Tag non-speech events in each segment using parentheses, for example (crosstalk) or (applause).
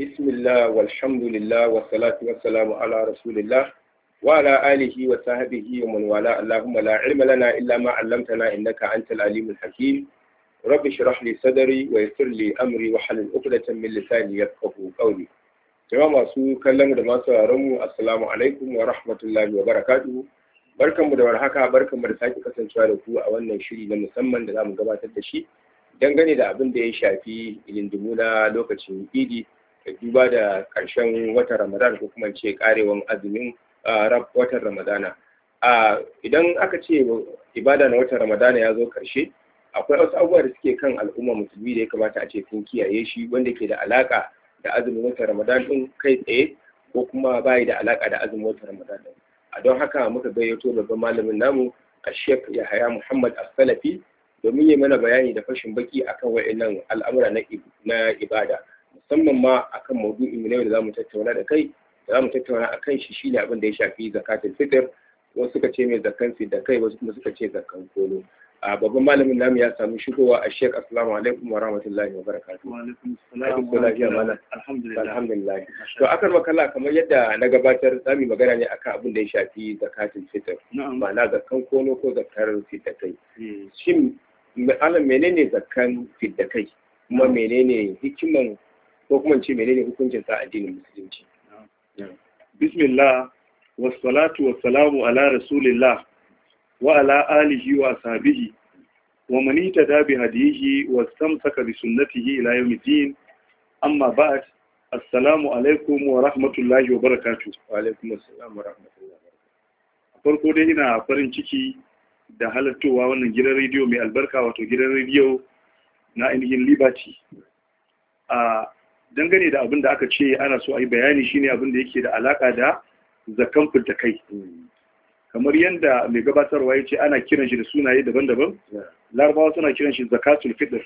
bismillah walhamdulillah wassalatu wassalamu ala rasulillah wa ala alihi wa sahbihi wa man wala allahumma la ilma lana illa ma 'allamtana innaka antal alimul hakim rabbi shrah li sadri wa yassir li amri wa halil 'uqdatan min lisani yafqahu qawli jama'a masu kallon da masu sauraron mu assalamu alaikum wa rahmatullahi wa barakatuh barkanmu da warhaka barkanmu da sake kasancewa da ku a wannan shiri na musamman da zamu gabatar da shi dangane da abin da ya shafi ilindimuna lokacin idi ka duba da ƙarshen watan ramadan ko kuma ce karewan azumin watan ramadana idan aka ce ibada na watan ramadana ya zo ƙarshe akwai wasu abubuwa da suke kan al'umma musulmi da ya kamata a ce sun kiyaye shi wanda ke da alaka da azumin watan ramadan din kai tsaye ko kuma bayi da alaka da azumin watan ramadan a don haka muka gayyato babban malamin namu a shek yahaya muhammad asalafi domin ya mana bayani da fashin baki akan wa'annan al'amura na ibada musamman ma akan maudu'in na yau da zamu tattauna da kai da zamu tattauna akan shi shine abin da ya shafi zakatul fitr wasu suka ce mai zakan da kai wasu kuma suka ce zakan kolo a babban malamin namu ya samu shigowa a shek assalamu alaikum wa rahmatullahi wa barakatuhu alhamdulillah to akan makala kamar yadda na gabatar zamu magana ne akan abin da ya shafi zakatul fitr ma'ana zakan kono ko zakar kai. Hmm. shin alam menene zakan kai? kuma menene hikiman ko kuma ce menene hukuncin sa addinin musulunci bismillah wassalatu wassalamu ala rasulillah wa ala alihi wa sahbihi wa man ittaba bi hadihi wa wastamsaka bi sunnatihi ila yawmiddin amma ba'd assalamu alaikum wa rahmatullahi wa barakatuh wa alaikum assalam wa rahmatullahi wa barakatuh farko dai ina farin ciki da halartowa wannan gidan rediyo mai albarka wato gidan rediyo na ainihin liberty a dangane da abin da aka ce ana so a yi bayani shine abin da yake da alaka da zakan fita kai kamar yadda mai gabatarwa ya ce ana kiran shi da sunaye daban-daban larabawa suna kiran shi zakatul fitr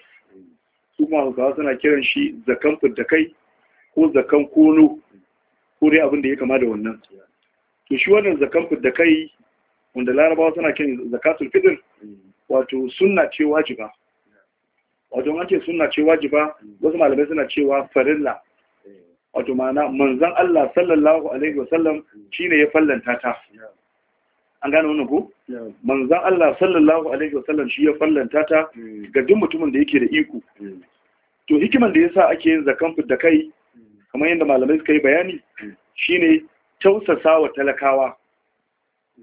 su kuma hausawa suna kiran shi zakan fita kai ko zakan kono ko dai abin da ya kama da wannan to shi wannan zakan fita kai wanda larabawa suna kiran zakatul fitr wato sunna ce wajiba wato suna ce wajiba wasu malamai suna cewa farilla wato mana, manzan Allah sallallahu alaihi wasallam shine ya fallanta ta an gane wannan ko manzan Allah sallallahu alaihi wasallam shi ya fallanta ta ga duk mutumin da yake da iko to hikiman da yasa ake yin zakan da kai kamar yadda malamai suka yi bayani shine tausasa wa talakawa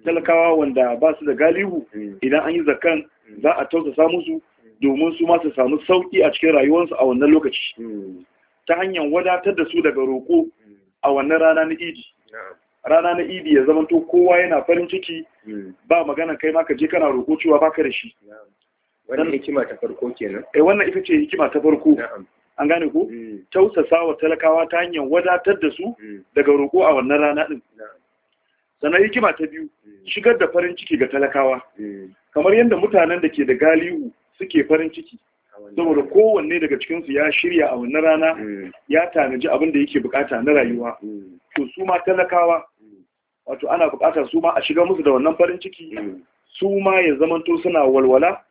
talakawa wanda ba su da galihu idan an yi zakan za a tausasa musu domin su ma su samu sauƙi a cikin rayuwarsu a wannan lokaci hmm. ta hanyar wadatar da su daga roƙo a wannan rana na idi rana na idi ya zama to kowa yana farin ciki hmm. ba magana kai ma ka je kana roƙo cewa baka da shi wannan hikima ta farko kenan eh wannan ita ce hikima ta farko an gane ko hmm. tausasa wa talakawa ta hanyar wadatar da su daga roƙo a wannan rana din sannan hikima ta biyu shigar da farin ciki ga talakawa kamar yadda mutanen da ke da galihu suke farin ciki saboda kowanne daga cikinsu ya shirya a wannan rana mm. ya tanaji abin da yake bukata na rayuwa mm. to su ma talakawa mm. wato ana bukatar su ma a shiga musu da wannan farin ciki su ma ya zamanto suna walwala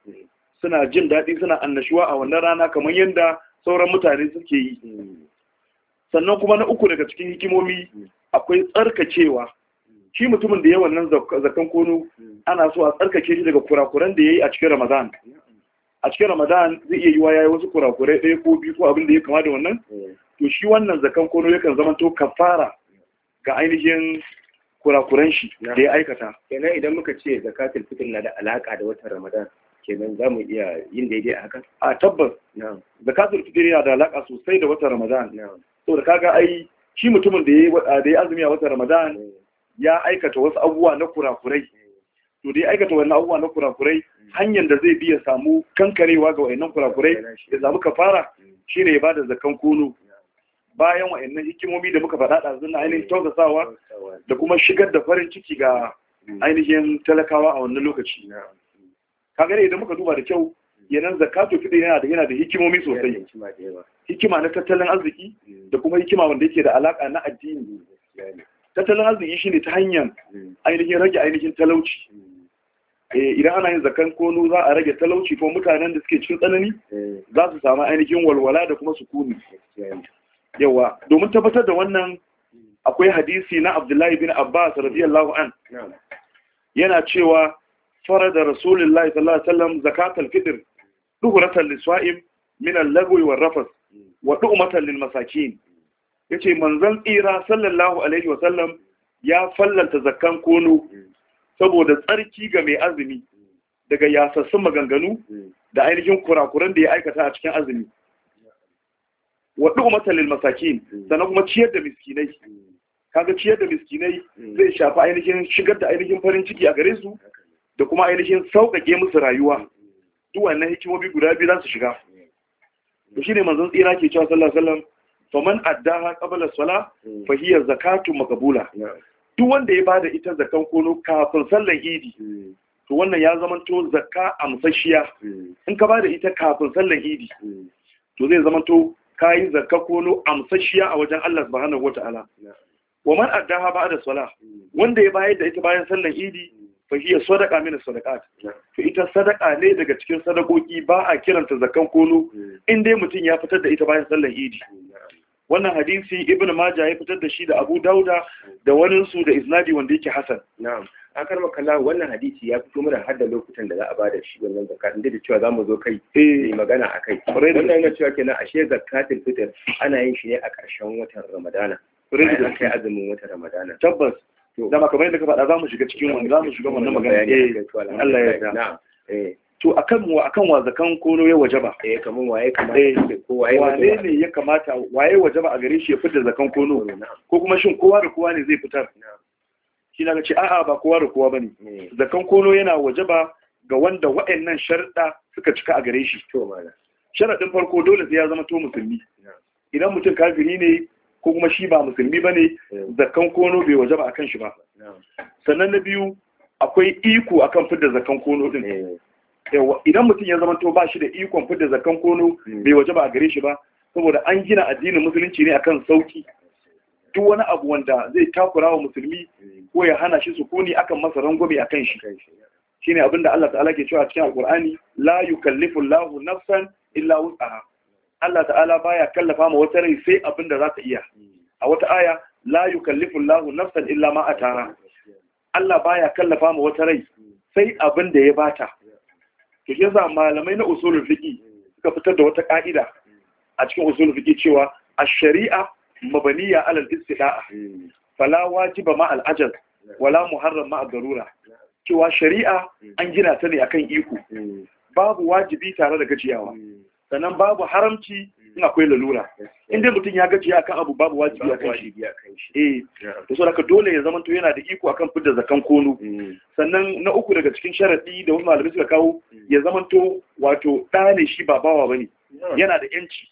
suna jin daɗi suna annashuwa a wannan rana kamar yadda sauran mutane suke yi sannan kuma na uku daga cikin hikimomi akwai tsarkacewa shi mutumin da ya wannan zakan kono ana so a tsarkake shi daga kurakuran da ya yi a cikin ramadan a cikin ramadan zai iya yi wa yayi wasu kurakurai ɗaya ko biyu ko abin da ya kama da wannan eh. to shi wannan zakan kono yakan zama to kafara ga ainihin kurakuran shi da ya aikata kenan idan muka ce zakatul fitr na da alaka da watan ramadan kenan za mu iya yin daidai a hakan a tabbas zakatul fitr yana da alaka sosai da watan ramadan to da kaga ai shi mutumin da ya yi azumi a watan ramadan eh. ya aikata wasu abubuwa na kurakurai to dai aikata wannan abubuwa na kurakurai hanyar da zai biya samu kankarewa ga wayannan kurakurai ya samu shi shine ya bada zakan kono bayan wayannan hikimomi da muka faɗa da zuna ainihin tausasawa da kuma shigar da farin ciki ga ainihin talakawa a wannan lokaci kaga idan muka duba da kyau yanan zakatu fiɗe yana da yana da hikimomi sosai hikima na tattalin arziki da kuma hikima wanda yake da alaka na addini tattalin arziki shine ta hanyar ainihin rage ainihin talauci Eh, idan ana yin zakan konu za a rage talauci ko mutanen da suke cikin tsanani eh. za su samu ainihin walwala da kuma sukuni yawa domin tabbatar da wannan akwai hadisi na abdullahi bin abbas radiyallahu an yana cewa fara da rasulullahi sallallahu alaihi wasallam zakatul fitr duhuratan liswa'im min al-lagwi war rafas wa du'matan lil masakin yace manzon tsira sallallahu alaihi wasallam ya fallanta zakan kono saboda tsarki ga mai azumi daga yasassun maganganu da ainihin kurakuran da ya aikata a cikin azumi wadda kuma masakin sannan kuma ciyar da miskinai kaga ciyar da miskinai zai shafi ainihin shigar da ainihin farin ciki a gare su da kuma ainihin sauƙaƙe musu rayuwa duk wannan hikimomi guda biyu za su shiga to shine manzon tsira ke cewa sallallahu alaihi wasallam faman addaha qabla as-salah fa hiya zakatun maqbula duk wanda ya bada ita zakan kono kafin sallar idi to wannan ya zama to zakka amsashiya in ka bada ita kafin sallar idi to zai zama to kayi zakka kono amsashiya a wajen Allah subhanahu wataala wa man addaha ba'da salah wanda ya bayar da ita bayan sallar idi fa hiya sadaqa min sadaqat to ita sadaqa ne daga cikin sadakoki ba a kiranta zakan kono in dai mutum ya fitar da ita bayan sallar idi wannan hadisi ibn majah ya fitar da shi da abu dauda da su da isnadi wanda yake hasan na'am an karma kalla wannan hadisi ya fito mana har da lokutan da za a bada shi wannan zakka inda da cewa mu zo kai eh. mai magana a kai. wannan yana cewa kenan ashe zakatul fitr ana yin shi ne a ƙarshen watan ramadana kurin da kai azumin watan ramadana tabbas Da makamai da ka faɗa mu shiga cikin wannan mu shiga wannan magana eh Allah ya yarda na'am eh to akan wa akan wa zakan kono ya ba eh kaman waye kamata ko eh, waye waye ne ya kamata waye ba a gare shi ya fitar zakan kono ko kuma shin kowa da kowa ne zai fitar shi na ce a'a ba kowa da kowa bane zakan kono yana waje ba ga wanda wa'annan sharda suka cika a gare shi to sharaɗin farko dole sai ya zama to musulmi idan mutum kafiri ne ko kuma shi ba musulmi bane eh. zakan kono bai waje ba akan shi ba sannan na biyu akwai iko akan fitar zakan kono din eh. yawa idan mutum ya zama to ba shi da ikon fidda zakan kono hmm. bai waje ba a gare shi ba saboda an gina addinin musulunci ne akan sauki duk wani abu wanda zai takura wa musulmi ko ya hana shi sukuni akan masa rangwame akan shi shine abinda Allah ta'ala ke cewa cikin alkur'ani la yukallifu lahu nafsan illa wus'aha Allah ta'ala baya kallafa ma wata rai sai abinda za ta iya a wata aya la yukallifu lahu nafsan illa ma atara hmm. Allah baya kallafa ma wata rai sai abinda ya bata to shi yasa malamai na usulul fiqi suka fitar da wata ka'ida a cikin usulul fiqi cewa a sharia mabaniya alal istida'a fala wajiba ma al-ajal wala muharram ma garura. cewa shari'a an gina ta ne akan iko babu wajibi tare da gajiyawa sannan babu haramci in akwai lalura in dai mutum ya gaji ya akan abu babu wajibi a kan shi eh to so haka dole ya zamanto yana da iko akan fidda zakan kono mm. sannan na uku daga cikin sharadi da wani malamai suka kawo mm. ya zamanto wato ɗa ne shi ba bawa bane yana da yanci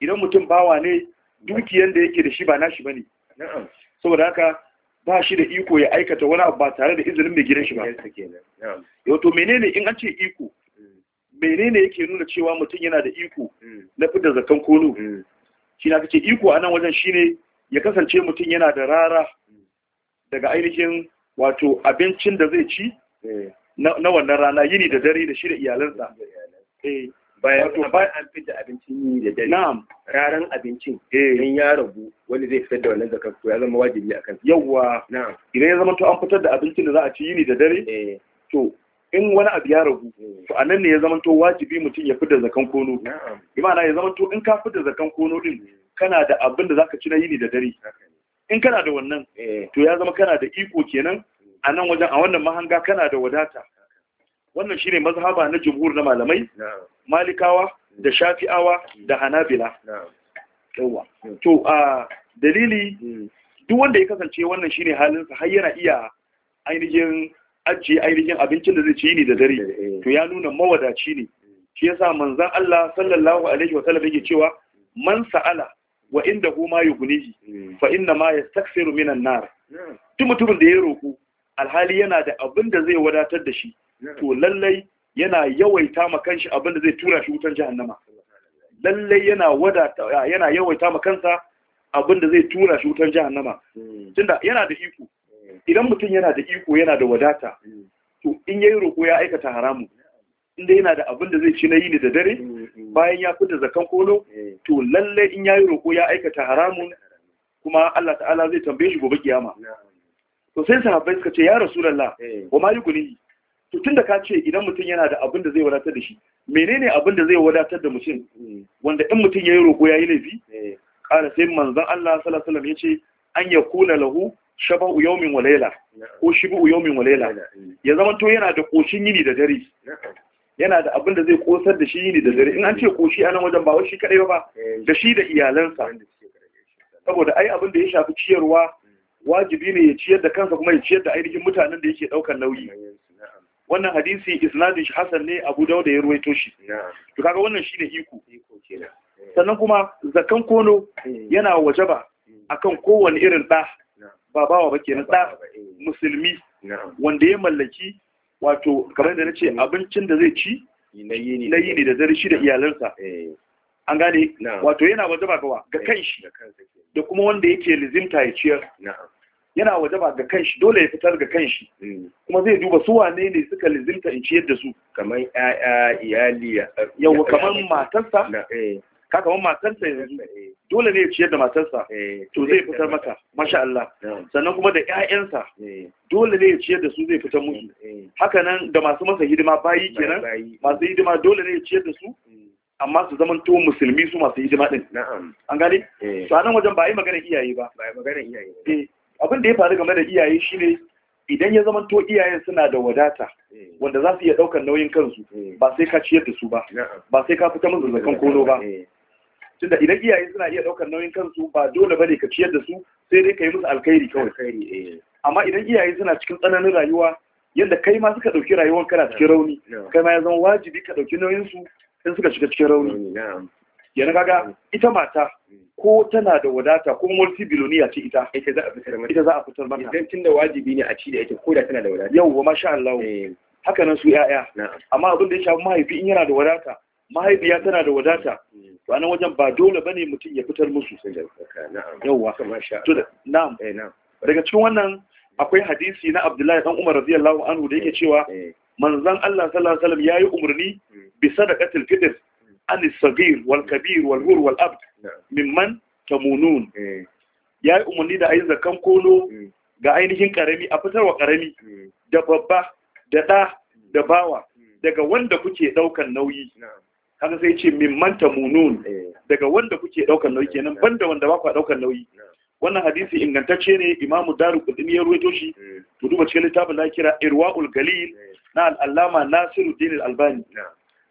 idan mutum bawa ne dukiyan da yake da shi ba nashi bane saboda haka ba shi da iko ya aikata wani abu ba tare da izinin mai gidan shi ba yau to menene in an ce iko menene yake nuna cewa mutum yana da iko hmm. na fitar zakan kolo hmm. shi na kace iko a nan wajen shine ya kasance mutum yana da rara daga ainihin wato abincin da zai ci hmm. na wannan rana yini da dare da shi da iyalansa eh. bayan bayan an fitar abincin yi da dare na'am raran abincin eh. in ya rabu wani zai fitar da wannan zakar ya zama wajibi akan yawwa na'am idan ya zama to an fitar da abincin da za a ci yini da dare eh. to in wani abu ya ragu to a nan ne ya zamanto wajibi mutum ya fidda zakan kono imana ya zamanto in ka fidda zakan kono din kana da abin da zaka ci na yini da dare in kana da wannan eh. to ya zama kana da iko kenan a nan wajen a wannan mahanga kana da wadata wannan shine mazhaba na jumhur na malamai malikawa da shafi'awa da hanabila yawa to a dalili mm. duk wanda ya kasance wannan shine halinsa har yana iya ainihin ajiye ainihin abincin da zai ci ni da dare eh, eh, eh. to ya nuna mawadaci ne shi yasa manzon Allah sallallahu alaihi wa sallam yake cewa man sa'ala wa inda huma yughnihi hmm. fa inna ma yastakthiru minan nar duk mutumin da ya roko alhali yana da abin da zai wadatar da shi to lallai yana yawaita ma kanshi abin da zai tura shi wutan jahannama lallai yana wadata yana yawaita ma kansa abin da zai tura shi wutan jahannama hmm. tunda yana da iko idan mutum yana da iko yana da wadata to in yayi roƙo ya aikata haramu inda yana da abin da zai ci na yi ne da dare bayan ya fita zakan kolo to lalle in yayi roƙo ya aikata haramun kuma Allah ta'ala zai tambaye shi gobe kiyama to sai sahabbai suka ce ya rasulullah wa ma yuquli to tunda ka ce idan mutum yana da abin da zai wadatar da shi menene abin da zai wadatar da mutum wanda in mutum yayi roƙo yi laifi ƙara sai manzon Allah sallallahu alaihi wasallam yace an yakuna lahu shaba uyaumin wa laila ko shibu uyaumin wa ya zama to yana da koshin yini da dare yana da abin da zai kosar da shi yini da dare in an ce koshi a nan wajen ba shi kadai ba da shi da iyalansa saboda ai abin da ya shafi ciyarwa wajibi ne ya ciyar da kansa kuma ya ciyar da ainihin mutanen da yake daukar nauyi wannan hadisi isnadin shi hasan ne abu da ya ruwaito shi to kaga wannan shine iko sannan kuma zakan kono yana wajaba akan kowane irin da ba ba kenan da eh. musulmi wanda ya mallaki wato kamar da nace abincin da zai ci na yi ne da dare shi da iyalansa eh. an gane wato yana wajaba ga eh, ga kanshi da kuma wanda yake lizimta ya ciyar yana wajaba ga kanshi dole ya fitar ga kanshi mm. kuma zai duba su wane ne suka lizimta in ciyar da su kamar iyali yawa kamar matarsa kaka wani matarsa yanzu eh, dole ne ya ciyar da matarsa eh, to zai fitar eh, mata masha Allah sannan kuma da ƴaƴansa dole ne ya ciyar da su zai fitar musu haka nan da masu masa hidima bayi kenan masu hidima dole ne ya ciyar da su amma su zaman to musulmi su masu hidima din an gane to anan wajen ba yi magana iyaye ba ba magana iyaye ba abin da ya faru game da iyaye shine idan ya zama to iyayen suna da wadata wanda za su iya daukar nauyin kansu ba sai ka ciyar da su ba ba sai ka fita musu zakan kono ba tunda idan iyaye suna iya ɗaukar nauyin kansu ba dole bane ka ciyar da su sai dai ka yi musu alkhairi kawai alkhairi eh. amma idan iyaye suna cikin tsananin rayuwa yadda kai ma suka ɗauki rayuwar kana cikin rauni kai ma ya zama wajibi ka ɗauki nauyin su in suka shiga cikin rauni yana kaga mm. ita mata mm. ko tana da wadata ko multi biloniya ce ita ita za a fitar mata ita za a fitar mata idan tunda wajibi ne a ci da ita ko da tana da wadata yawwa masha Allah eh. haka nan su ya'ya amma abin da ya shafi mahaifi in yana da wadata mahaifiya tana da wadata mm. wani wajen ba dole bane mutum ya fitar musu yawa to eh, na'am daga cikin wannan akwai hadisi na Abdullahi dan Umar radiyallahu anhu da yake cewa eh. manzon Allah sallallahu alaihi wasallam yayi umarni hmm. bi sadaqatil fitr an sagir wal kabir wal hur wal abd mimman tamunun eh. yayi umarni da ayi zakan kolo hmm. ga ainihin karami a fitarwa karami hmm. da babba da da da bawa daga wanda kuke daukan nauyi kaga sai ce min manta munun eh. daga wanda kuke daukar nauyi kenan eh. banda wanda ba ku daukar nauyi eh. wannan hadisi ingantacce ne imamu daru kudin ya ruwaito shi to duba cikin littafin da kira irwaul galil na al'allama nasiru din albani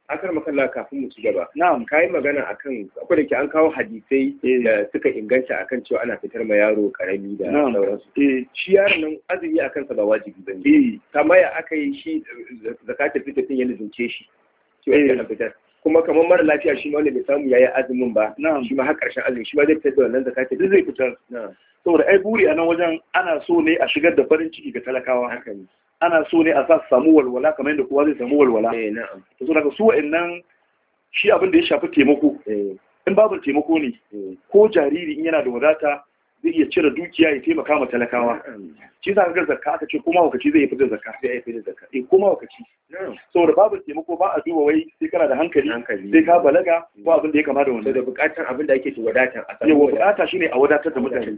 akar makalla kafin mu ci gaba na'am kai magana akan akwai da ke an kawo hadisai da suka inganta akan cewa ana fitar ma yaro karami da sauransu shi yaron nan azumi akan sa ba wajibi bane kamar ya aka yi shi zakatul fitr din ya nuzince shi to ya fitar kuma kamar mara lafiya shi ma wanda bai samu yayi azumin ba shi ma har karshen azumi shi ma zai fitar da wannan zakati duk zai fitar saboda ai buri a nan wajen ana so ne a shigar da farin ciki ga talakawa haka ne ana so ne a sa su samu walwala kamar yadda kowa zai samu walwala eh na'am to daga su wa'annan shi abin da ya shafi taimako eh. in babu taimako ne eh. ko jariri in yana da wadata zai iya cire dukiya ya taimaka ma talakawa shi sa ga zakka aka ce kuma wakaci zai fitar zakka zai ya fitar zakka eh kuma wakaci saboda babu taimako ba a duba wai sai kana da hankali sai ka balaga ko abin da ya kama da wannan da bukatar abin da ake wadatar a samu yawa bukata shine a wadatar da mutane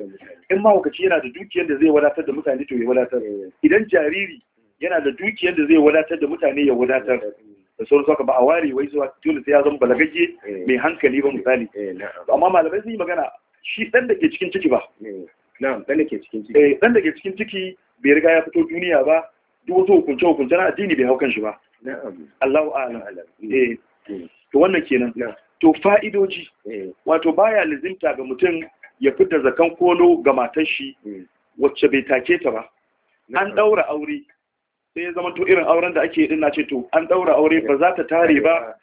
in ma wakaci yana da dukiyar da zai wadatar da mutane to ya wadatar eh. idan jariri yana da dukiyar da zai wadatar da mutane ya wadatar eh. da sauran suka ba a ware wai zuwa dole sai ya zama balagagge eh. mai hankali ba misali amma malamai sun yi magana shi ɗan da ke cikin ciki ba eh, na'am ɗan da ke cikin ciki eh ɗan da ke cikin ciki bai riga ya fito duniya ba duk wasu hukunce hukunce na addini bai hau kan shi ba na'am Allahu a'lam eh to wannan kenan to fa'idoji eh. wato baya lizinta ga mutum ya fita zakan kono ga matar shi hmm. wacce bai take ta ba an ɗaura aure sai ya zama to irin auren da ake din na ce to an ɗaura aure ba za ta tare ba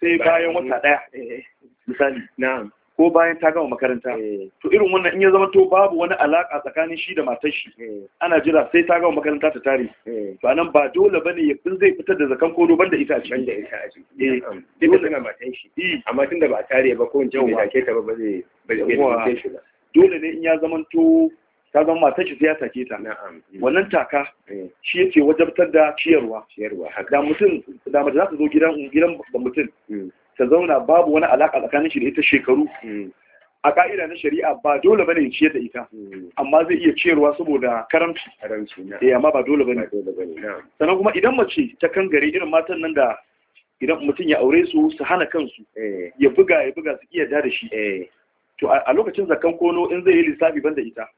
sai bayan wata ɗaya. Eh. misali na'am ko bayan ta gama makaranta eh. to irin wannan in ya zama to babu wani alaka tsakanin shi da matar shi eh. ana jira sai ta gama makaranta ta tare eh. to anan ba dole bane ya kun zai fitar da zakan kodo banda ita a ciki da ita a ciki eh dole tana matar shi amma tunda ba tare ba ko in ba bai take ta ba ba zai ba zai shi ba dole ne in ya zama to ta zama matar shi sai ya take ta wannan taka shi yake wajabtar da ciyarwa ciyarwa da mutum da mutum za ta zo gidan gidan mutum hmm. ta zauna babu wani alaƙa tsakanin shi da ita shekaru hmm. a ka'ida na shari'a ba dole bane ya ciyar da ita hmm. amma zai iya ciyarwa saboda karamci eh amma ba dole bane sannan kuma idan mace ta kan gare irin matan nan da idan mutum ya aure su su hana kansu eh. ya buga ya buga su iya da shi eh. to a lokacin zakan kono in zai yi lissafi ban da ita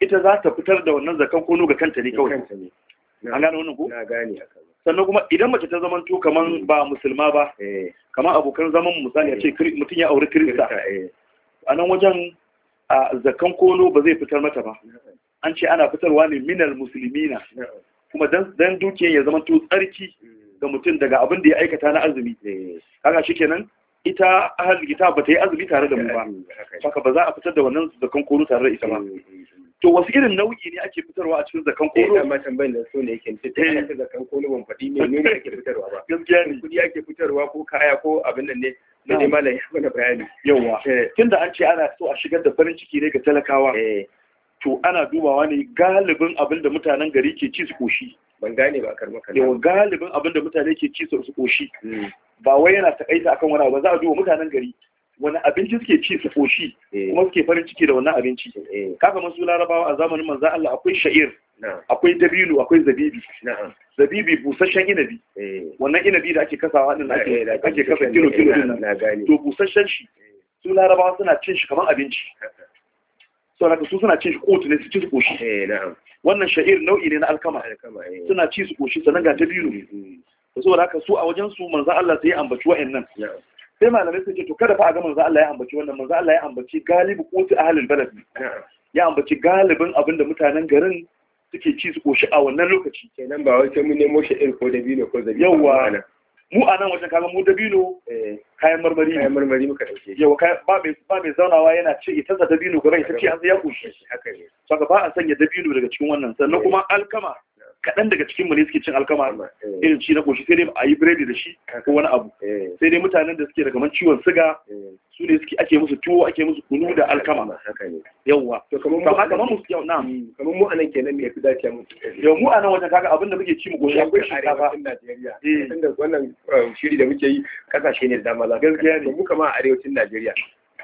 ita za ta fitar da wannan zakan kono ga kanta ne kawai an gane wannan ko na gane sannan kuma idan mace ta zaman to kaman ba musulma ba eh. kaman abokan zaman misali ya ce mutum ya auri kirista eh. a nan wajen a zakan kono ba zai fitar mata ba an ce ana fitarwa ne minal musulmina kuma dan dukiyar ya zaman to tsarki ga mutum daga abin da ya aikata na azumi eh. kaga shikenan ita ahal gita ba ta yi azumi tare da mu ba saka ba za a fitar da wannan zakan kono tare da ita ba to wasu irin nau'i ne ake fitarwa a cikin zakan kolo eh amma tambayar da so ne yake eh. ce ta ana zakan kolo ban faɗi ne ne ake fitarwa ba gaskiya ne kudi ake fitarwa ko kaya ko abin nan ne na ne malai ya mana bayani yawa eh. tunda an ce ana so a shigar da farin ciki ne ga talakawa eh. to ana dubawa ne galibin abin da mutanen gari ke ci su koshi ban gane ba karma kan yawa galibin abin da mutane ke ci su koshi hmm. ba wai yana takaita akan wani ba za a duba mutanen gari wani abinci suke ci su foshi eh. kuma suke farin ciki da wannan abinci eh. kaga masu larabawa a zamanin manzan Allah akwai sha'ir akwai dabilu akwai zabibi zabibi busasshen inabi eh. wannan inabi da ake kasawa din da ake kasa kilo kilo din to busasshen shi su larabawa suna cin shi kamar abinci so (laughs) haka su suna cin shi kotu ne su ci su koshi wannan sha'ir nau'i ne na alkama suna ci su koshi sannan ga dabilu mm, mm, mm. saboda haka su a wajen su manzo Allah sai ya ambaci wa'annan sai malamai sun ce to kada fa a ga manzo Allah ya ambaci wannan manzo Allah ya ambaci galibu qutu ahlul balad ya ambaci galibin abin da mutanen garin suke ci su koshi a wannan lokaci kenan ba wai sai mun nemo shi ko bino ko zabi yawa mu a nan wajen kaga mu dabino eh. kayan marmari kayan marmari muka dauke yawa ba mai ba mai zaunawa yana ce ita da dabino gaba ita ce an ya koshi haka ne saboda ba a sanya dabino daga cikin wannan sannan kuma alkama kaɗan daga cikin mu ne suke cin alkama eh. irin ci na koshi sai dai a yi biredi da shi ko wani abu eh. sai dai mutanen da suke da kamar ciwon siga eh. su ne suke ake musu tuwo ake musu kunu da alkama yawwa to kamar mu yau na hmm, kamar mu anan kenan me yafi dace mu yau mu anan wajen kaga abinda muke ci mu koshi akwai shinkafa a Najeriya tunda wannan um, shiri da muke yi kasashe ne da dama za gaskiya ne mu kamar a arewacin Najeriya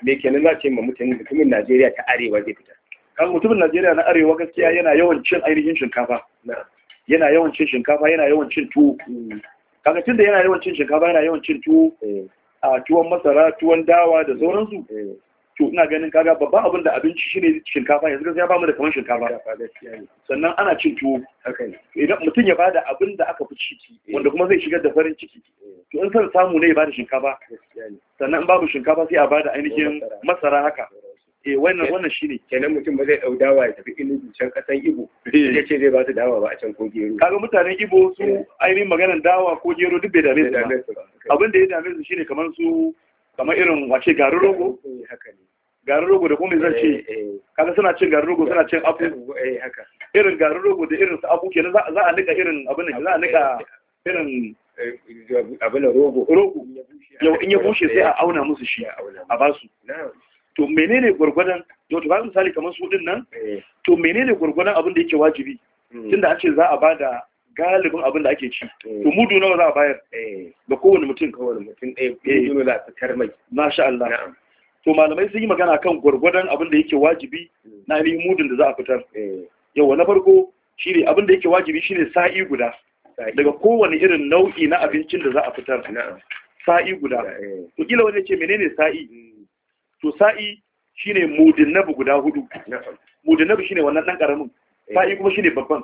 me kenan za ce ma mutane mutumin Najeriya ta arewa zai fita kan mutumin Najeriya na arewa gaskiya yana yawan cin ainihin shinkafa yana yawan cin shinkafa yana yawan cin tuwo kaga tunda yana yawan cin shinkafa yana yawan cin tuwo eh. a tuwon masara tuwon dawa da eh. sauransu eh. to ina ganin kaga babban abin da abinci shine shinkafa yanzu gaskiya ba mu da kamar shinkafa sannan ana cin tuwo idan mutum ya bada abin da aka fi ciki wanda kuma zai shigar da farin ciki to in san samu ne ya bada shinkafa sannan in babu shinkafa sai a bada ainihin masara haka eh wannan wannan shine kenan mutum ba zai dau dawa ya tafi inugu can kasan ibo eh. ya ce zai ba su dawa ba a can ko gero kaga mutanen ibo su eh. ainihin maganar dawa ko gero duk bai dame su ba abin da ya dame su shine kamar su kamar irin wace garin rogo eh, garin rogo da kuma zan ce kaga suna cin garin rogo suna cin abu irin garin rogo da irin su abu kenan za a nika irin abin da za a nika irin abin rogo rogo in ya bushe sai a auna musu shi a basu to menene gurgurdan to ba misali kamar su din nan eh. to menene gurgurdan abin da yake wajibi hmm. tunda an ce za a bada galibin abin da ake ci eh. to mudu nawa za a bayar eh. ga kowane mutum kowane mutum ɗaya mudu za a fitar mai masha Allah to malamai sun yi magana kan gurgurdan abin da yake wajibi hmm. na ainihin mudun da za a fitar yawa na farko shine abin da yake wajibi shine sa'i guda daga kowane irin nau'i na abincin da za a fitar sa'i guda to kila wani ce menene sa'i hmm. to sa'i shine mudinnabu guda hudu mudinnabu shine wannan dan karamin eh. sa'i kuma shine babban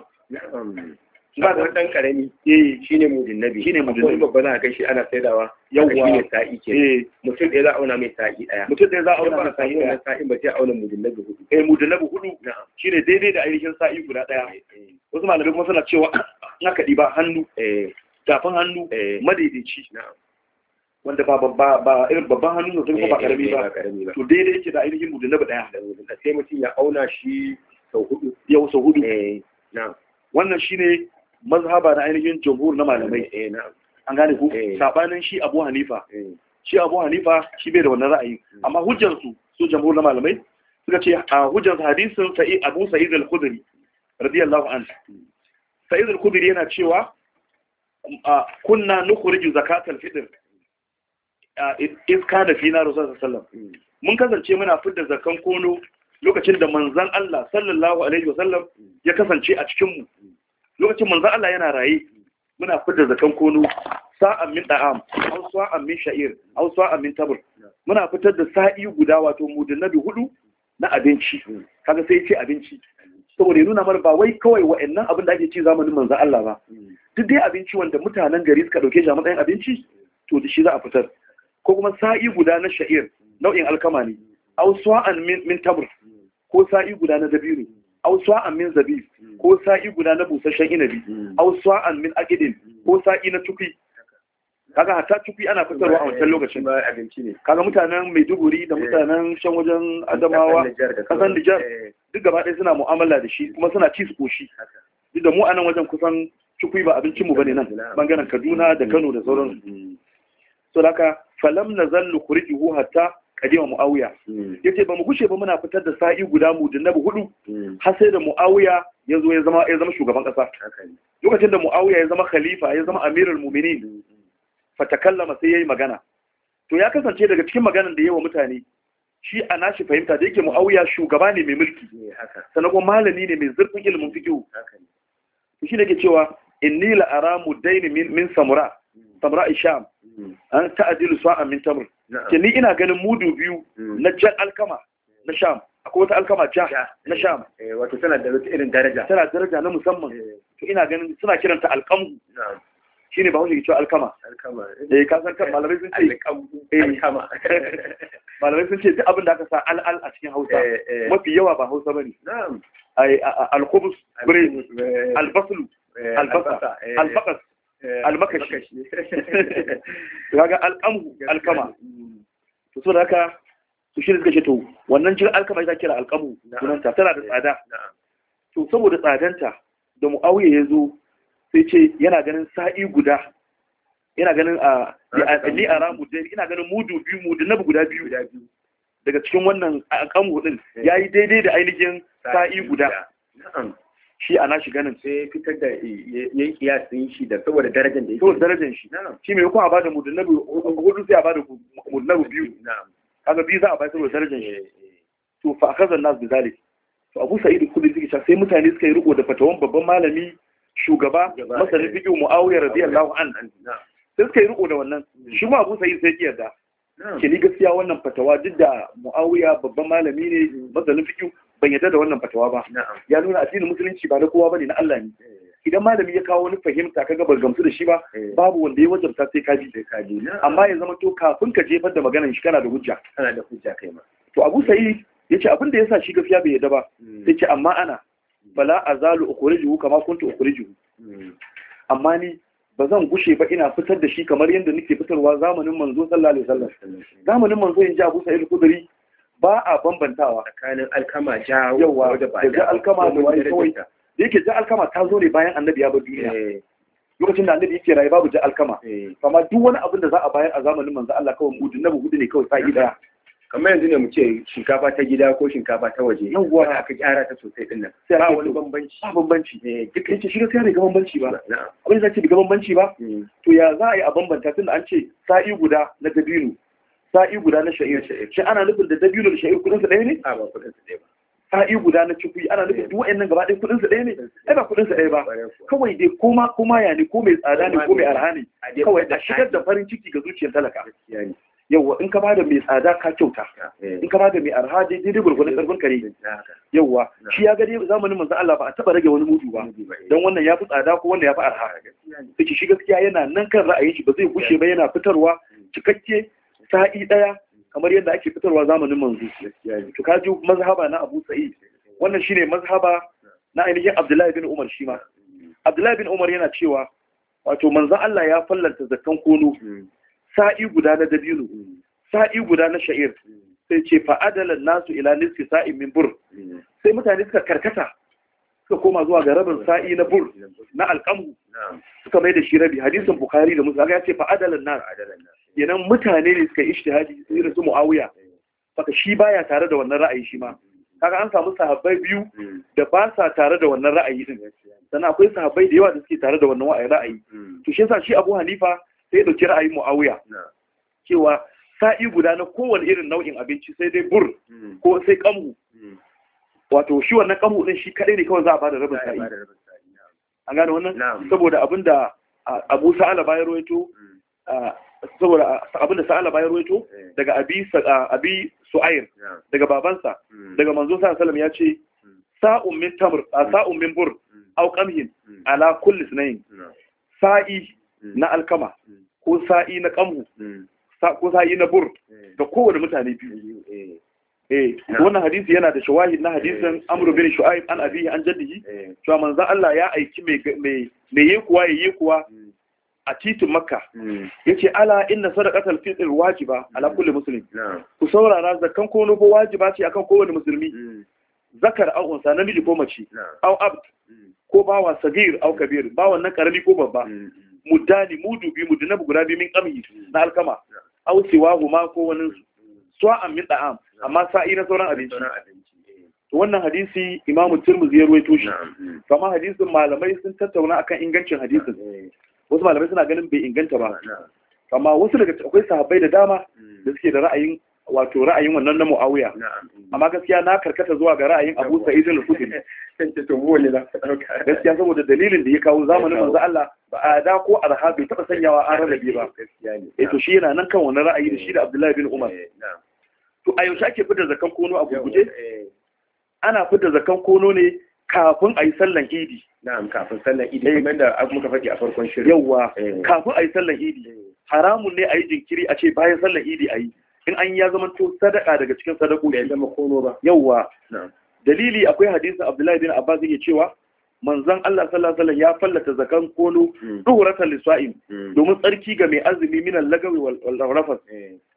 ba da dan karami eh shine mudinnabi shine mudinnabi babba babban ka shi ana saidawa yawa shine sa'i ke eh. mutum ɗaya za a auna mai sa'i ɗaya mutum ɗaya za a auna mai sa'i ɗaya sa'in ba sai auna mudinnabi hudu eh mudinnabi hudu shine daidai da ainihin sa'i guda ɗaya eh, wasu malamai kuma suna cewa (coughs) in aka ɗiba hannu tafin hannu madaidaici na'am wanda ba ba irin babban hannu mutum ko eh, eh, eh, ba karami ba to daidai yake da ainihin mutum na daya sai mutum ya auna shi sau hudu yau sau hudu wannan shine mazhaba na ainihin jumhur na malamai an gane ku sabanin shi Abu Hanifa shi Abu Hanifa shi bai da wannan ra'ayi hmm. amma hujjar su su jumhur na malamai suka ce a hujjar hadisin sai Abu Sa'id al-Khudri radiyallahu anhu hmm. Sa'id al-Khudri yana cewa kunna nukhriju zakatal fitr iska da fina rasulullah sallallahu alaihi mun kasance muna fidda zakan kono lokacin da manzon Allah sallallahu alaihi wasallam ya kasance a cikin mu lokacin manzon Allah yana raye muna fidda zakan kono sa'an min da'am aw sa'an min sha'ir aw sa'an min tabr muna fitar da sa'i guda wato nabi hudu na abinci kaga sai ce abinci saboda ya nuna mana ba wai kawai wa'annan abin da ake ci zamanin manzon Allah ba duk dai abinci wanda mutanen gari suka dauke shi a matsayin abinci to da shi za a fitar ko kuma sa'i guda na sha'ir nau'in alkama ne aw sa'an min tabur ko sa'i guda na dabiru aw sa'an min zabi ko sa'i guda na busasshen inabi aw sa'an min aqidin ko sa'i na tuki kaga hatta tufi ana fitarwa a wancan lokacin kaga mutanen maiduguri da eh. mutanen shan wajen adamawa kasan nijar eh. duk gaba ɗaya suna mu'amala da shi kuma suna ci su koshi duk da mu a nan wajen kusan tufi ba abincinmu ba bane nan bangaren kaduna da kano da sauran mm-hmm. so haka falam na zallu kurijuhu hatta kadima muawiya hmm. yace ba mu bushe ba muna fitar da sa'i guda mu dinnabi hudu hmm. har sai da muawiya ya zo ya zama shugaban kasa lokacin da muawiya ya zama khalifa ya zama amirul mu'minin hmm, fatakallama sai yayi magana to ya kasance daga cikin maganar da yawa mutane shi a nashi fahimta da yake muawiya shugaba ne mai mulki eh, sannan kuma malami ne mai zurfin ilimin fiqh shi ne ke cewa inni la aramu daini min samura samura isham an ta'adilu sa amin tamr ke ni ina ganin mudu biyu hmm. na jan alkama na sham akwai wata alkama ja na eh, sham eh, wato tana da wata irin daraja tana daraja na musamman eh. to ina ganin suna kiranta alkamu shine ba wani cewa alkama alkama eh ka san kan malamai sun ce alkama (laughs) malamai sun ce duk abin da aka sa al al a cikin Hausa mafi yawa ba Hausa bane na'am ai al-khubus albaslu albasa albaqas Eh, almakashi (laughs) kaga al'amu alkama mm. to saboda haka su shi suka ce to wannan jin alkama ita kira alkamu sunanta tana da tsada eh, to saboda tsadanta da mu'awiya ya zo sai ce yana ganin sa'i guda yana ganin ah, a ni aramu ramu dai ina ganin mudu biyu mudu na guda biyu daga cikin wannan alkamu din eh. yayi daidai da ainihin sa'i guda shi ana shi ganin sai fitar da yayi kiyasin shi da saboda darajar da yake saboda darajar shi shi mai ko a bada mudullabi hudu sai a bada mudullabi biyu kaga biyu za a bayar saboda darajar shi to fa akazan nas bi to abu sa'id kulli zikri sai mutane suka yi riko da fatawan babban malami shugaba masanin eh. fiqh muawiya radiyallahu anhu sai suka yi riko da wannan hmm. shi ma abu sa'id sai ya da. ke ni gaskiya wannan fatawa duk da muawiya babban malami ne hmm. masanin fiqh ban yadda da wannan fatawa ba ya nuna addinin musulunci ba na kowa bane na Allah ne eh. idan malami ya kawo wani fahimta kaga ba gamsu da shi ba eh. babu wanda ya wajabta sai ka bi amma ya zama to kafin ka jefar da maganar shi kana da hujja kana da hujja kai ma to Abu Sa'id yace abin da yasa shi gaskiya bai yadda ba yace hmm. ce amma ana bala azalu ukhrijuhu kama kuntu ukhrijuhu hmm. amma ni ba zan gushe ba ina fitar da shi kamar yadda nake fitarwa zamanin manzo sallallahu alaihi wasallam zamanin manzo yanzu ji Abu Sa'id al-Khudri ba a bambantawa tsakanin alkama ja yawa da ja alkama da wani kawai da yake ja alkama ta zo ne bayan annabi ya bar duniya eh. lokacin da annabi yake raye babu ja alkama eh. amma duk wani abin da za a bayar a zamanin manzo Allah kawai mu nabu hudu ne kawai sai daya kamar yanzu ne mu ce shinkafa ta gida ko shinkafa ta waje yawa da aka gyara ta sosai din nan sai ba wani bambanci ba bambanci eh. duk yace shi kai ne ga bambanci ba abin da zai ga bambanci ba hmm. to ya za a yi a bambanta tun an ce sa'i guda na dabino sa'i guda na sha'ir shi ana nufin da dabino da sha'ir kudinsa ɗaya ne a ba kudin ɗaya ba sa'i guda na cikui ana nufin duk wa'annan gaba ɗaya kudinsa ɗaya ne ai ba kudinsa ɗaya ba kawai dai koma koma ya ne ko mai tsada ne ko mai arha ne kawai a shigar da farin ciki ga zuciyar talaka yawwa in ka bada mai tsada ka kyauta ah, eh. in ka bada mai arha dai dai gurgurun karfin kare yawwa shi ya gari zamanin manzon Allah ba a taba rage wani mudu ba dan eh. wannan ya fi tsada ko wannan ya fi arha kace shi gaskiya yana nan kan ra'ayin shi ba zai gushe ba yana fitarwa mm. cikakke sa'i ɗaya kamar yadda ake fitarwa zamanin manzo to kaji mazhaba na Abu Sa'id wannan shine mazhaba na ainihin Abdullahi bin Umar shi Abdullahi bin Umar yana cewa wato manzan Allah ya fallanta zakkan kono sa'i guda na dabilu sa'i guda na sha'ir sai ce fa'adalan nasu ila nisfi sa'in min bur sai mutane suka karkata suka koma zuwa ga rabin sa'i na bur na alƙamu suka mai da shi rabi hadisin bukhari da musu ya ce fa'adalan nasu yanan mutane ne suka ijtihadi irin su muawiya saka shi baya tare da wannan ra'ayi shi ma kaga an samu sahabbai biyu da ba sa tare da wannan ra'ayi din sannan akwai sahabbai da yawa da suke tare da wannan ra'ayi to shi yasa shi Abu Hanifa sai ya dauki ra'ayin Muawiya cewa sa'i guda na kowane irin nau'in abinci sai dai bur ko sai kamu wato shi wannan kamu din shi kadai ne kawai za a bada rabin sa'i an gane wannan saboda abinda Abu Sa'ala bayan rawaito saboda abinda sa'ala bayan ruwaito eh. daga abi abi su'ayr daga babansa hmm. daga manzo sa sallam ya ce hmm. sa'um min tamr hmm. sa'un min bur aw qamhin ala kulli sunayn sa'i na alkama ko sa'i na qamhu ko sa'i na bur da eh. kowane mutane biyu eh, eh wannan hadisi yana da shawahid na hadisin amru bin shu'aib an abihi an jaddihi cewa manzo Allah ya aiki mai mai kuwa yekuwa kuwa a titin makka hmm. yace ala inna sadaqatal fitr wajiba ala hmm. kulli muslim ku saurara zakkan ko nufo wajiba ce akan kowane musulmi hmm. zakar aw na miji ko mace au abd ko bawa sagir au kabir bawan nan karami ko babba mudani mudu bi mudana guda bi min qamhi na alkama aw siwahu ma ko wani su'an min da'am amma sa'i na sauran abinci eh. wannan hadisi imamu tirmidhi ya ruwaito shi kuma hadisin malamai sun tattauna akan ingancin hadisin wasu malamai suna ganin bai inganta ba amma wasu daga akwai sahabbai da dama da suke da ra'ayin wato ra'ayin wannan na mu'awiya amma gaskiya na karkata zuwa ga ra'ayin abu sa'id al-khudri (laughs) gaskiya saboda dalilin da ya kawo zamanin manzo Allah ba a da ko arha bai taba sanyawa an rarrabe ba eh to shi yana nan kan wannan ra'ayi da shi da Abdullahi bin Umar eh, to a yaushe ake fitar zakan kono a guguje? Eh, eh. ana fitar zakan kono ne kafin a yi sallan idi na'am kafin sallan idi kamar da muka faɗi a farkon shirin yawa kafin a yi sallan idi haramun ne a yi jinkiri a ce bayan sallan idi a yi in an ya zama to sadaka daga cikin sadaku da ya zama kono ba yawa dalili akwai hadisin abdullahi bin abbas yake cewa manzon Allah sallallahu alaihi ya fallata zakan kono duhuratan lisa'im domin tsarki ga mai azumi min lagawi wal rafas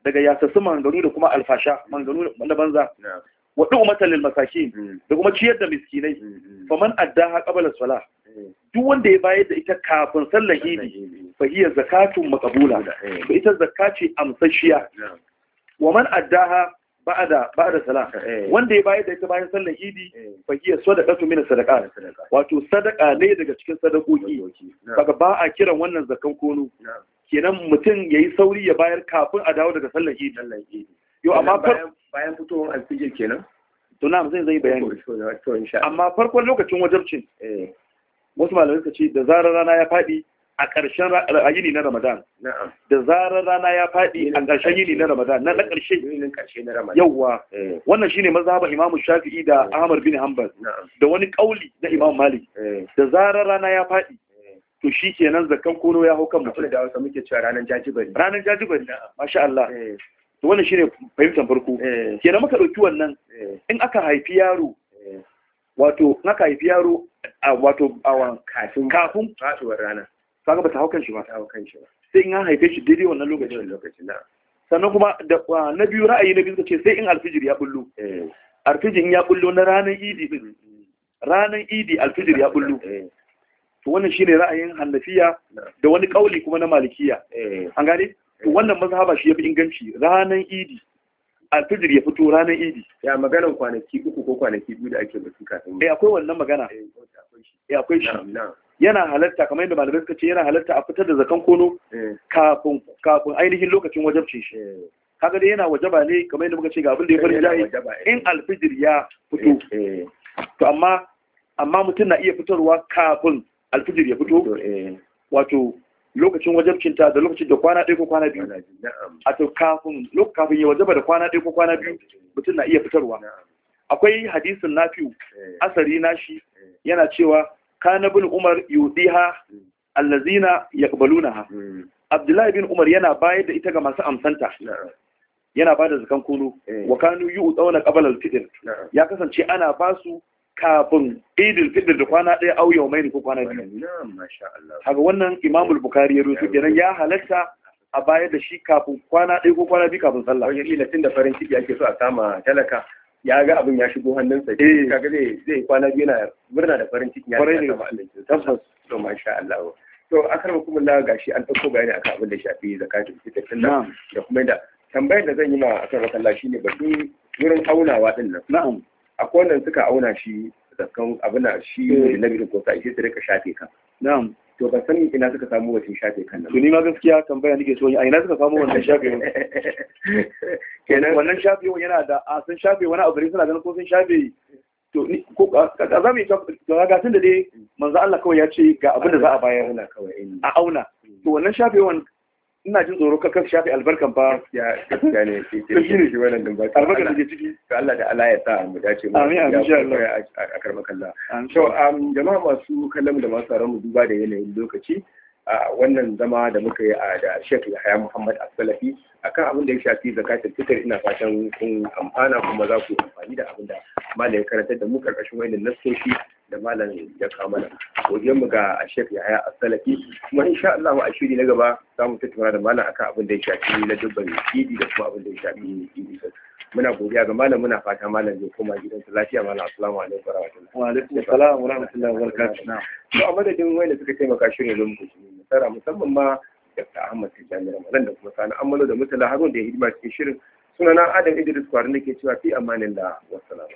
daga yasasu mangaru da kuma alfasha mangaru da banza wa du'matan lil masakin mm. da kuma ciyar da miskinai mm, mm. faman addaha ƙabalar salah duk wanda ya bayar da ita kafin sallar idi fa hiya zakatun maqbula ba eh. ita zakaci amsashiya wa man addaha ba'da ba'da salah eh. wanda ya bayar da ita bayan sallar idi eh. fa hiya sadaqatu min sadaka. wato sadaqa ne daga cikin sadakoki kaga ba a kiran wannan zakan kono kenan mutum yayi sauri ya bayar kafin a dawo daga sallar idi yo amma bayan fitowar alfijir kenan to na zai zai bayani amma farkon lokacin wajabcin eh. wasu malamai suka ce da zarar rana ya faɗi a ƙarshen yini na Ramadan da zarar rana ya faɗi a ƙarshen yini na Ramadan na ƙarshe yauwa eh. wannan shine mazhaban Imam Shafi'i da eh. Ahmad bin Hanbal da wani kauli na Imam Malik da zarar rana ya faɗi to shi kenan zakan kono ya hau kan mutum da wasu muke cewa ranar jajibari ranar jajibari masha Allah wannan shine fahimtar farko da eh. maka dauki wannan eh. in aka haifi yaro eh. wato in aka haifi yaro a wato awan kafin kafin fatuwar rana kaga bata haukan shi ba ta haukan shi ba sai in an haife shi daidai wannan lokacin lokacin na sannan kuma da na biyu ra'ayi na biyu ce sai in alfijir ya bullo alfijir ya bullo na ranar idi mm, mm. ranar idi alfijir ya bullo to wannan shine ra'ayin hannafiya da wani kauli kuma na malikiya an gane to wannan mazhaba shi yafi inganci ranan idi alfijir ya fito ranar idi ya maganan kwanaki uku ko kwanaki biyu da ake batu kafin eh akwai wannan magana eh akwai shi eh, yana halatta kamar yadda malamai suka ce yana halatta a fitar da zakan kono eh. kafin kafin ainihin lokacin wajabcin shi eh. kaga dai yana wajaba ne kamar yadda muka ce ga abin da ya fara jayi in alfijir ya fito to amma amma mutum na iya fitarwa kafin alfijir ya fito wato lokacin wajabcinta da lokacin da kwana ɗaya ko kwana biyu a to kafin lokacin yawa ya wajaba da kwana ɗaya ko kwana biyu mutum na iya fitarwa akwai hadisin nafi'u eh. asari nashi eh. yana cewa kana bin umar yudiha hmm. allazina ha?" Hmm. abdullahi bin umar yana bayar da ita ga masu amsanta yana ba da zakan kono eh. wa kanu yu'tawna ƙabalar al ya kasance ana basu. kafin idil fitr da kwana ɗaya au yau mai ko kwana biyu haka wannan Imam bukari ya rusu kenan ya halatta a bayar da shi kafin kwana ɗaya ko kwana biyu kafin sallah wani ila tun da farin ciki ake so a kama talaka ya ga abin ya shigo sa eh kaga zai zai kwana biyu na murna da farin ciki ya kama Allah tabbas to masha Allah to akar kuma Allah gashi an dauko bayani akan abin da shafi zakatul fitr da kuma da tambayar da zan yi ma akan ne, shine batun wurin aunawa din nan na'am akwai wannan suka auna shi zakan abin da shi na biyu ko sai sai ka shafe kan na'am to ba san ina suka samu wacin shafe kan nan to ni ma gaskiya tambaya nake so a ina suka samu wannan (laughs) shafe kenan wannan shafe yana da a sun shafe wani abu ne suna ganin ko sun shafe to ni ko ka za mu to ga tun da dai manzo Allah kawai ya ce ga abin da za a bayar a auna to wannan shafe ina jin tsoro kakar shafi albarkan ba ya gaskiya ne shi ne shi wannan dumba albarkan da ke ciki to Allah da Allah ya sa mu dace mu amin amin insha Allah a karba kalla so um jama'a masu kallon da masu ranar mu duba da yanayin lokaci wannan zama da muka yi a da Sheikh Yahaya Muhammad Asalafi. salafi akan abin da ya shafi zakatul fitr ina fatan kun amfana kuma za ku amfani da abin da malamin karantar da mu karkashin wayannan nasoshi da malam ya kamala mu ga ashek yaya a salafi kuma insha Allah a shiri na gaba za mu tattauna da malam akan abin da ya shafi na dubban idi da kuma abin da ya shafi idi muna godiya ga malam muna fata malam zai koma gidansa lafiya malam assalamu alaikum wa rahmatullahi wa alaikum assalam wa rahmatullahi wa barakatuh to a madadin wanda suka taimaka shirin zan muku nasara musamman ma Dr. Ahmad Tijjani Ramadan da kuma Sani Amalo da Mutala Harun da ya hidima cikin shirin sunana Adam Idris Kwarin da ke cewa fi amanin da wassalamu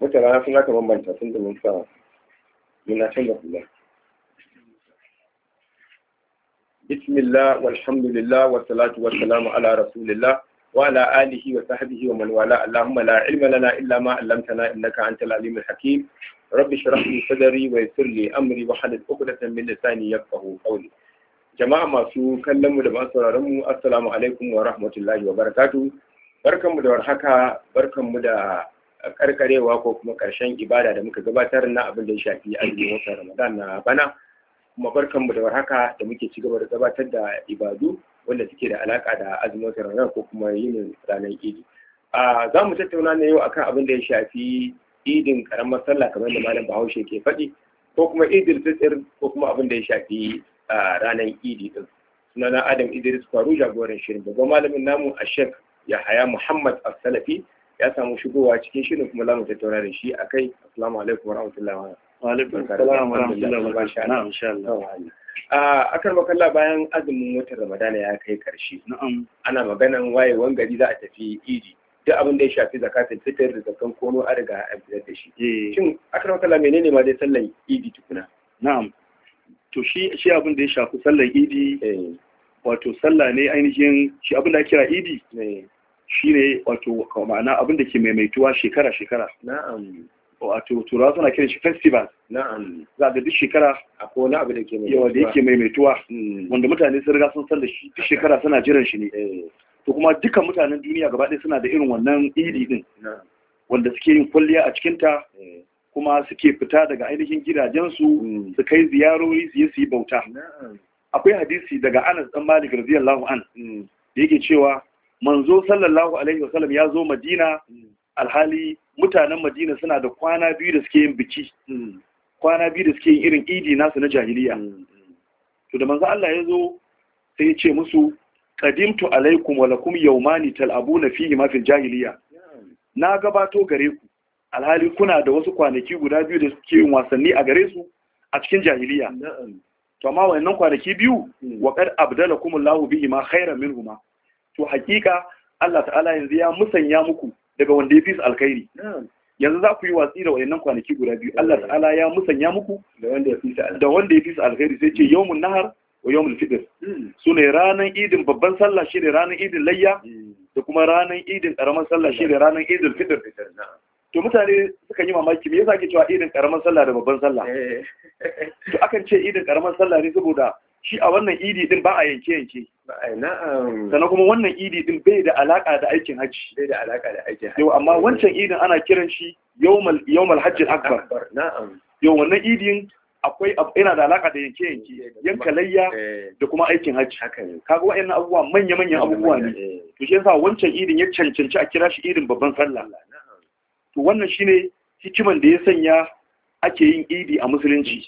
wata rana sun aka bambanta tun da mun sa muna canza kula bismillah walhamdulillah wa salatu wa salamu ala rasulillah wa ala alihi wa sahbihi wa man wala allahumma la ilma lana illa ma 'allamtana innaka antal alimul hakim rabbi shrah li sadri wa yassir li amri wa hlul 'uqdatan min lisani yafqahu jama'a masu kallon mu da masu sauraron mu asalamu alaikum wa rahmatullahi wa barakatu. barkanmu da warhaka barkanmu da karkarewa ko kuma karshen ibada da muka gabatar na abin da ya shafi azumin watan Ramadan na bana kuma mu da warhaka da muke ci gaba da gabatar da ibadu wanda suke da alaka da azumin watan Ramadan ko kuma yin ranar Idi a za mu tattauna ne yau akan abin da ya shafi idin karamar sallah kamar da malam Bahaushe ke faɗi ko kuma idil fitr ko kuma abin da ya shafi ranar Idi din sunana Adam Idris Faru jagoran shirin babban malamin namu a Sheikh Yahaya Muhammad As-Salafi ya samu shigowa cikin shirin kuma za mu tattauna da shi a kai assalamu alaikum wa rahmatullahi wa alaikum wa rahmatullahi wa makalla bayan azumin watan ramadana ya kai karshe ana maganan wayewan gari za a tafi idi duk abin da ya shafi zakatul fitr da zakan kono a riga a fitar da shi eh. shin akan makalla menene ma dai sallan idi tukuna na'am to shi shi abin da ya shafi sallan idi eh. wato sallah ne ainihin shi abin da kira idi eh. shine wato ma'ana abin da ke maimaituwa shekara shekara na'am wato turawa suna kiran shi festival na'am za ga duk shekara akwai wani abu da ke maimaituwa yawa da yake maimaituwa hmm. wanda mutane sun riga sun san da shi duk shekara suna jiran shi ne eh. to kuma dukkan mutanen duniya gaba ɗaya suna da irin wannan idi din wanda suke yin kwalliya a cikinta eh. kuma suke fita daga ainihin gidajensu hmm. su kai ziyarori su yi su yi bauta akwai hadisi daga anas dan malik radiyallahu an hmm. da yake cewa manzo sallallahu alaihi wasallam ya zo madina alhali mutanen madina suna da kwana biyu da suke yin biki mm. kwana biyu da suke yin irin idi nasu na jahiliya mm, mm. to da manzo Allah ya zo sai ya ce musu qadimtu alaikum wa lakum yawmani tal'abuna fihi ma fil jahiliya na gabato gare ku alhali kuna da wasu kwanaki guda biyu da suke yin wasanni a gare su a cikin jahiliya to amma wayannan kwanaki biyu wa qad abdalakum Allahu bihi ma khairan minhuma to hakika Allah ta'ala yanzu ya musanya muku daga wanda ya fi su alkhairi yanzu za ku yi watsi da wayannan kwanaki guda biyu Allah ta'ala ya musanya muku da wanda ya fi su alkhairi sai ce yawmun nahar wa yawmul fitr hmm. sune ranan idin babban sallah shi ne ranan idin layya hmm. da kuma ranan idin karamar sallah shi ne ranan idin fitr to mutane suka yi mamaki me yasa ake cewa idin karamar sallah da babban sallah eh. to akan ce idin karamar sallah ne saboda shi a wannan idi din ba a yanke yanke sannan kuma wannan idi din bai da alaka da aikin hajji bai da alaka da aikin hajji yau amma wancan idin ana kiran shi yawmal yawmal hajjil akbar na'am yau wannan idin akwai yana da alaka da yanke yanke yanka layya eh. da kuma aikin hajji kaga wa'annan abubuwa manya manyan abubuwa ne eh. to shi yasa wancan idin ya cancanci a kira shi idin babban sallah to wannan shine hikiman da ya sanya ake yin idi a musulunci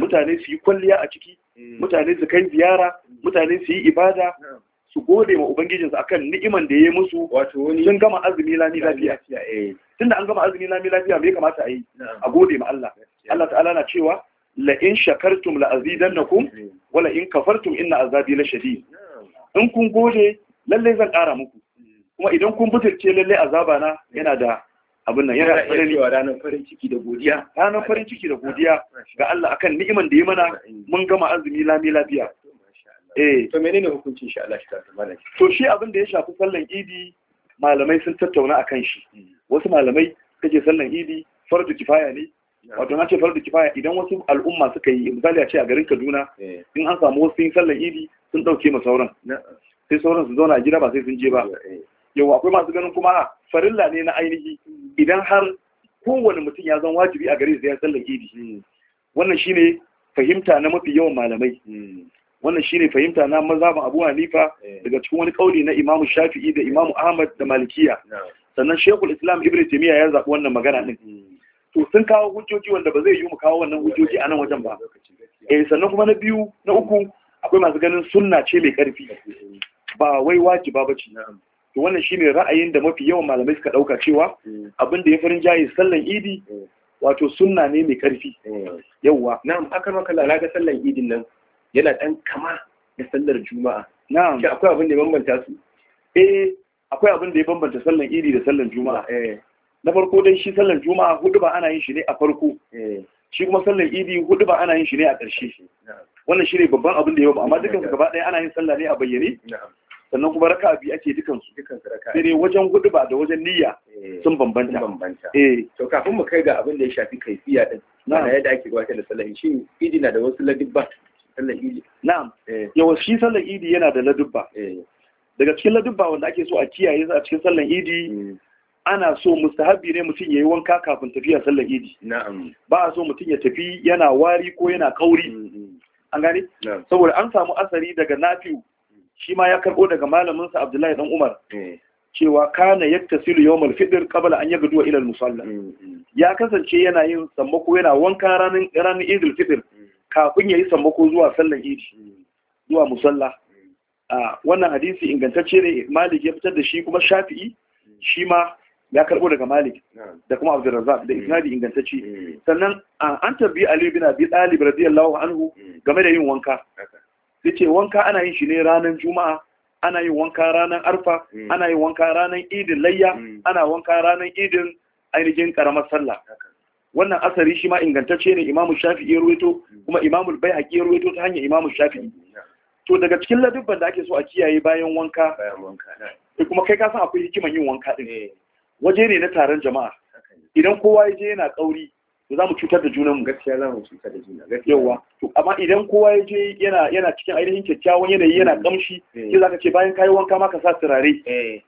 mutane su yi kwalliya a ciki Mm. mutane su kai ziyara mm. mutane su yi ibada su gode ma ubangijinsu akan ni'iman da ya yi musu sun gama azumi lami lafiya eh. tunda an gama azumi lami lafiya me kamata a yi a gode ma Allah Allah ta'ala na cewa la in shakartum la azidannakum wala in kafartum inna azabi la shadi. in kun gode lalle zan ƙara muku mm. kuma idan kun butulce lalle azaba na yana da abin nan yana tsanani wa ranar farin ciki da godiya ranar farin ciki da godiya ga Allah akan ni'iman da ya mana mun gama azumi lami lafiya eh to menene hukuncin shi Allah shi ta malami to shi abin da ya shafi sallan idi malamai sun tattauna akan shi wasu malamai kaje sallan idi fardu kifaya ne wato na ce fardu kifaya idan wasu al'umma suka yi misali a ce a garin Kaduna eh. in an samu wasu yin sallan idi sun dauke ma sauran sai sauran su zauna a gida ba sai sun je ba eh. yau akwai masu ganin kuma farilla ne na ainihi idan har kowane mutum ya zan wajibi a gare ya sallar idi hmm. wannan shine fahimta na mafi yawan malamai hmm. wannan shine fahimta na maza mazhabin Abu Hanifa eh. daga cikin wani kauli na Imam Shafi'i da Imam Ahmad da Malikiya sannan shekul Islam Ibn Taymiyyah ya zaɓi wannan magana din hmm. to sun kawo hujjoji wanda ba zai yi mu kawo wannan hujjoji a nan wajen ba eh sannan kuma na biyu na uku akwai masu ganin sunna ce mai karfi eh. ba wai wajiba ba ce. to wannan shine ra'ayin da mafi yawan malamai suka dauka cewa hmm. abin da ya farin jayi sallan idi hmm. wato sunna ne mai karfi hmm. yawwa na'am akan maka lala ga sallan idin nan yana dan kama da sallar juma'a na'am shi akwai abin da ya bambanta su eh akwai abin da ya bambanta sallan idi da sallan juma'a eh na farko dai shi sallan juma'a hudu ba ana yin shi ne a farko eh. shi kuma sallan idi hudu ba ana yin shi ne a ƙarshe wannan shi ne babban abin da ya bambanta amma dukkan gaba ɗaya ana yin sallah ne a bayyane sannan kuma raka bi ake dukansu dukan raka sai dai wajen gudu ba da wajen niyya eh, sun bambanta bambanta eh to kafin mu kai ga abin da ya shafi kaifiya din na yadda ake gabatar da sallah shi idi na da wasu ladubba? sallar idi na'am eh. yawa shi sallar idi yana da eh daga cikin ladubba wanda ake so a kiyaye a cikin sallar idi hmm. ana so mustahabi ne mutum ya yi wanka kafin tafiya sallar idi ba a so mutum ya tafi yana wari ko yana kauri hmm, hmm. an gane saboda an samu asari daga nafi'u shi ma ya karbo daga malaminsa Abdullahi dan Umar eh. cewa kana yaktasilu yawmal fitr qabla an gudu ila al-musalla mm, mm. ya kasance yana yin sammako yana wanka ranar ranar Idul Fitr mm. kafin yayi sammako zuwa sallar Idi zuwa musalla a wannan hadisi ingantacce ne Malik ya fitar da shi kuma Shafi'i shi ma ya karbo daga Malik da kuma Abdurrazzaq da isnadi ingantacce sannan an tabbi Ali bin Abi Talib radiyallahu anhu game da yin wanka yace wanka ana yin shi ne ranar juma'a ana yin wanka ranar arfa mm. ana yin wanka ranar idin layya mm. ana wanka ranar idin ainihin karamar sallah wannan asari shi ma ingantacce ne imamu iya ruwaito mm. kuma imamu iya ruwaito ta hanyar imamu shafi to daga cikin ladubban da ake so a kiyaye bayan wanka bayan kuma kai ka san akwai hikiman yin wanka din eh. waje ne na taron jama'a idan kowa ya je yana ƙauri. to za mu cutar da mu gaskiya za mu cutar da juna wa to amma idan kowa ya je yana yana cikin ainihin kyakkyawan yanayi yana mm. kamshi eh. sai zaka ce bayan kayi wanka ma ka sa turare eh.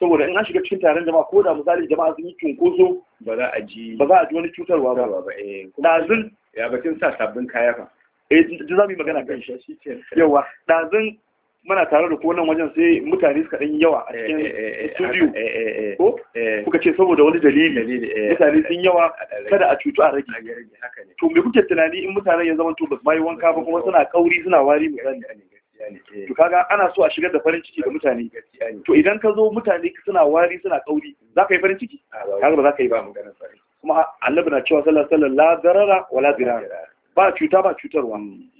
saboda in an shiga cikin taron jama'a ko da misali jama'a sun yi cunkoso ba za a ji ba za a ji wani cutarwa ba eh. ɗazun ya batun sa sabbin kaya fa eh za mu yi magana kan shi yawa ɗazun muna tare da kowannan wajen sai mutane suka ɗan yawa a cikin studio ko kuka ce saboda wani dalili eh, mutane eh, sun yawa kada a cutu a rage to me kuke tunani in mutanen ya zama to ba yi wanka ba kuma suna kauri suna wari misali eh. to kaga ana so a shigar da farin ciki ga mutane to idan ka zo mutane suna wari suna kauri za ka yi farin ciki kaga ba za ka yi ba kuma Allah bana cewa sallallahu alaihi wasallam la darara wala dirara ba cuta ba cutarwa mm.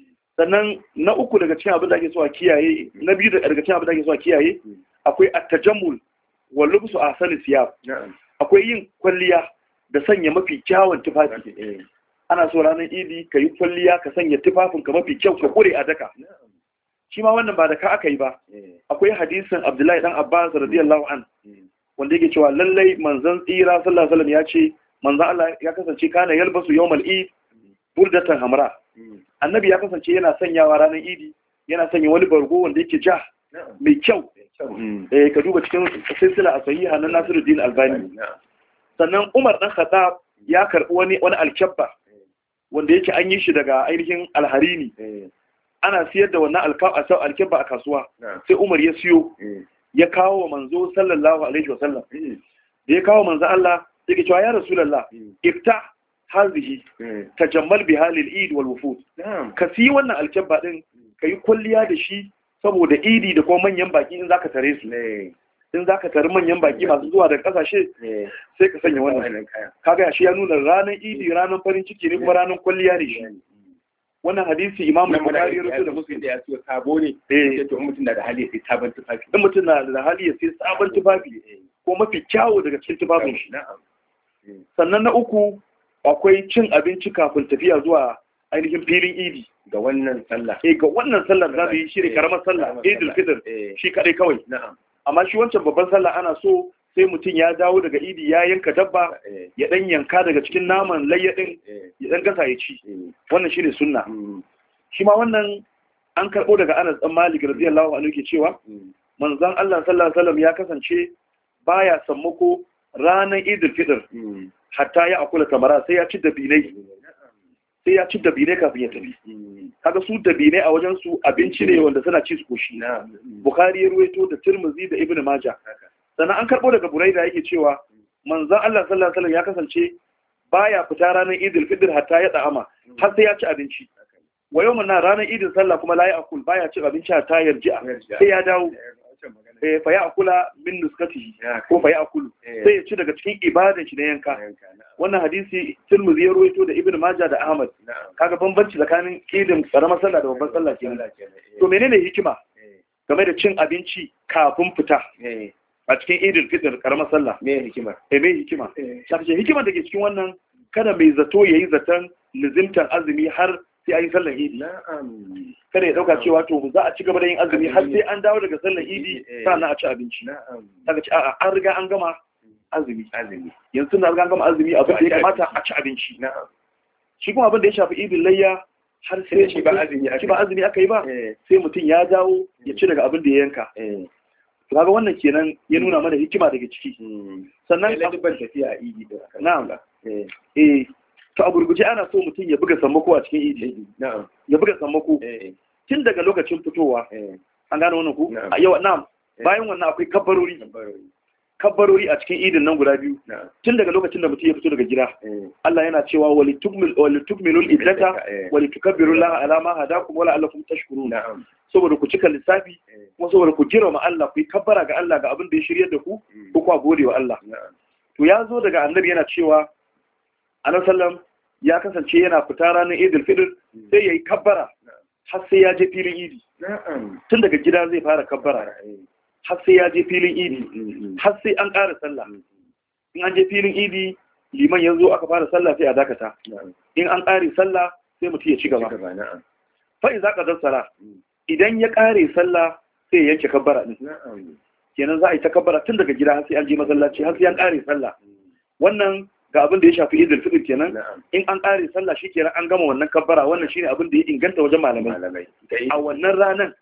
sannan na uku daga cikin abin da ake suwa kiyaye na biyu daga cikin abin da ake so a kiyaye akwai at-tajammul wa lubsu sani thiyab akwai yin kwalliya da sanya mafi kyawun tufafi eh. ana so ranar idi ka yi kwalliya ka sanya tufafin ka mafi kyau ka kure a daka shi ma wannan ba da ka aka yi ba eh. akwai hadisin abdullahi dan abbas radiyallahu an eh. wanda yake cewa lallai manzon tsira sallallahu alaihi wasallam ya ce manzon Allah ya kasance kana yalbasu yawmal id burdatan hamra annabi ya kasance yana sanyawa ranar idi yana sanya wani bargo wanda yake ja mai kyau eh ka duba cikin silsila a sahiha na Nasiruddin Albani sannan Umar dan Khattab ya karbi wani wani alkabba wanda yake an yi shi daga ainihin alharini eh. ana siyar da wannan alkabba a kasuwa sai Umar ya siyo eh. ya kawo wa manzo sallallahu alaihi wasallam eh. da ya kawo manzo Allah yake cewa ya rasulullah ifta hazihi eh. tajammal bi halil eid wal wufud ka si wannan alkebba din yi kulliya da shi saboda idi da kuma manyan baki in zaka tare su eh. in zaka tare manyan baki masu zuwa da kasashe eh. sai ka sanya wannan kaga shi ya nuna ranar idi ranar farin ciki ne kuma ranar kulliya ne shi mm. wannan hadisi imamu bukari ya rubuta musu da ya so sabo ne sai to mutum na da hali sai sabon tufafi in mutum na da hali ya sai sabon tufafi ko mafi kyawu daga cikin tufafin shi sannan na uku akwai cin abinci kafin tafiya zuwa ainihin filin idi ga wannan sallah eh ga wannan sallah za su yi shi ne eh, karamar sallah idul fitr eh. shi kadai kawai amma shi wancan babban sallah ana so sai mutum ya dawo daga idi ya yanka dabba eh. ya dan yanka daga cikin naman layya din ya dan gasa ya ci wannan shine sunna mm. shi ma wannan an karbo daga Anas dan Malik radiyallahu anhu ke cewa mm. manzon Allah sallallahu alaihi wasallam ya kasance baya sammako ranar idul fitr mm. hatta ya akula tamara sai ya ci dabinai sai ya ci dabinai kafin ya tafi kaga su dabinai a wajen su abinci ne wanda suna ci su koshi bukhari ya ruwaito da tirmizi da ibnu majah sannan an karbo daga buraida yake cewa manzon Allah sallallahu alaihi wasallam ya kasance baya fita ranar idil fitr hatta ya da'ama har sai ya ci abinci wa yau na ranar idil sallah kuma la ya akul baya cin abinci a ya ji'a sai ya dawo Eh, fa ya kula min nuskati ah, ko fa ya kulu eh. sai ya ci daga cikin ibadan shi na yanka wannan hadisi Tirmidhi ya ruwaito da Ibn Majah da Ahmad kaga bambanci tsakanin idin karamar sallah da babban eh, sallah kenan to menene hikima game da cin abinci kafin fita a cikin idil fitr karamar sallah me hikima eh me hikima shafi hikima da ke cikin wannan kada mai zato yayi zaton lizimtar azumi har sai an yi sallar idi kada ya dauka cewa to za a ci gaba da yin azumi har sai an dawo daga sallar idi eh. sannan a ci abinci daga ci a'a an riga an gama azumi yanzu na riga an gama azumi abin da ya kamata a ci abinci shi kuma abin da ya shafi idi layya har sai ci ba azumi aka ba azumi aka yi ba eh. sai mutum ya dawo ya ci eh. daga abin da ya yanka kaga wannan kenan ya nuna hmm. mana hikima daga ciki hmm. sannan ya ban tafiya a idi da na'am eh to a gurguje ana so mutum ya buga sammako a cikin idi eh, ya buga sammako eh, eh. tun daga lokacin fitowa an gane wannan ku a yau na bayan wannan akwai kabarori. Kabarori a cikin idin nan guda biyu tun daga lokacin da mutum ya fito daga gida Allah yana cewa wali tukmilul iddata wali tukabbiru laha ala ma hadakum wala allakum tashkurun saboda ku cika lissafi kuma saboda ku girma Allah ku yi kabbara ga Allah ga abin da ya shirya da ku mm. ku kwa gode wa Allah to ya zo daga annabi yana cewa anan sallam ya kasance yana fita ranar idil fitr sai ya yi kabbara har sai ya je filin idi tun daga gida zai fara kabbara har sai ya je filin idi mm, mm, mm, har sai an ƙara sallah in an je filin idi liman yanzu aka fara sallah sai a dakata in an ƙare sallah sai mutum ya ci gaba fa'i za ka zarsara idan ya ƙare sallah sai yanke kabbara ɗin kenan za a yi ta kabbara tun daga gida har sai an je masallaci har sai an ƙare sallah wannan ga abin da ya shafi idil fitr kenan in an ƙare sallah shi kenan an gama wannan kabbara wannan shine abin da ya inganta wajen malamai a wannan ranan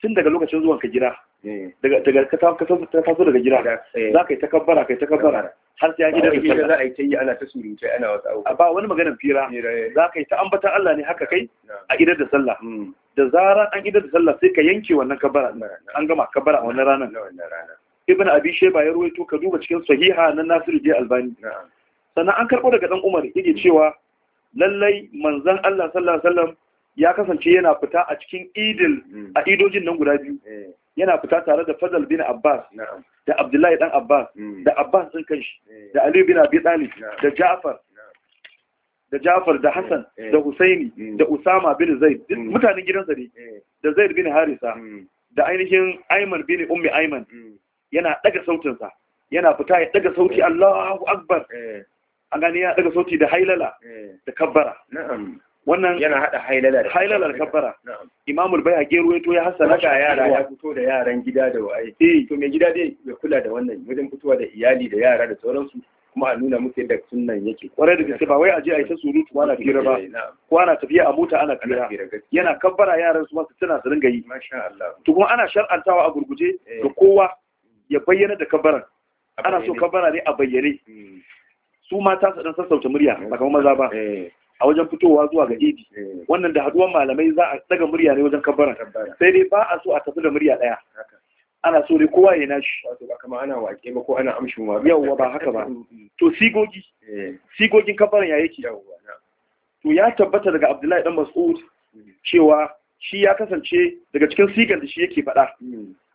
tun daga lokacin zuwan ka gida eh. daga ka taso daga gida eh. za ka yi ta kabbara ka yi ta kabbara har sai ya gida da sallah za a yi ta yi ana ta surutai ana wasu ba wani maganar fira eh. za ka yi ta ambatan Allah ne haka kai a idar da sallah hmm. da zarar an idar da sallah sai ka yanke wannan kabbara an gama kabbara a wannan ranan. ibn abi shayba ya ruwaito ka duba cikin sahiha na nasiru je albani sannan an karbo daga dan umar yake cewa lallai manzon Allah sallallahu alaihi wasallam ya kasance yana fita a cikin idil mm. a idojin nan guda biyu eh. yana fita tare da fadal bin abbas da abdullahi dan abbas mm. da abbas din kanshi eh. da ali bin abi talib da ja'far da ja'far eh. da hasan da husaini mm. da usama bin zaid mutanen gidansa ne da zaid bin harisa da ainihin Ayman bin Ummi Ayman yana daga sautinsa yana fita ya daga sauti Allahu akbar eh. an gani ya daga sauti da hailala eh. da kabbara wannan yana hada hailala da hailala da kabbara Imam al-Baihaqi ruwaito ya hasana ga yara ya fito da yaran gida da waye eh. to mai gida dai ya kula da wannan wajen fitowa da iyali da yara da sauransu kuma a nuna musu yadda sunan yake kware da gaske ba wai a je a yi ta surutu ana fira ba ko ana tafiya a mota ana kira yana kabbara yaran su masu tana su ringa yi to kuma ana shar'antawa a gurguje ga kowa ya bayyana da kabbaran ana so kabbara ne a bayyane hmm. su mata su dan sassauta murya ba kamar maza ba eh. a wajen fitowa zuwa ga idi eh. wannan da haduwan malamai za a daga murya ne wajen kabbaran sai dai ba a so a tafi da murya daya ana so ne kowa ya nashi wato ba kamar ana wake ba ko ana amshin wa yawwa ba haka ba (laughs) hmm. to sigogi eh. sigogin kabbaran ya yake yawwa to ya tabbata daga Abdullahi dan Mas'ud hmm. cewa shi ya kasance daga cikin sigan da shi yake faɗa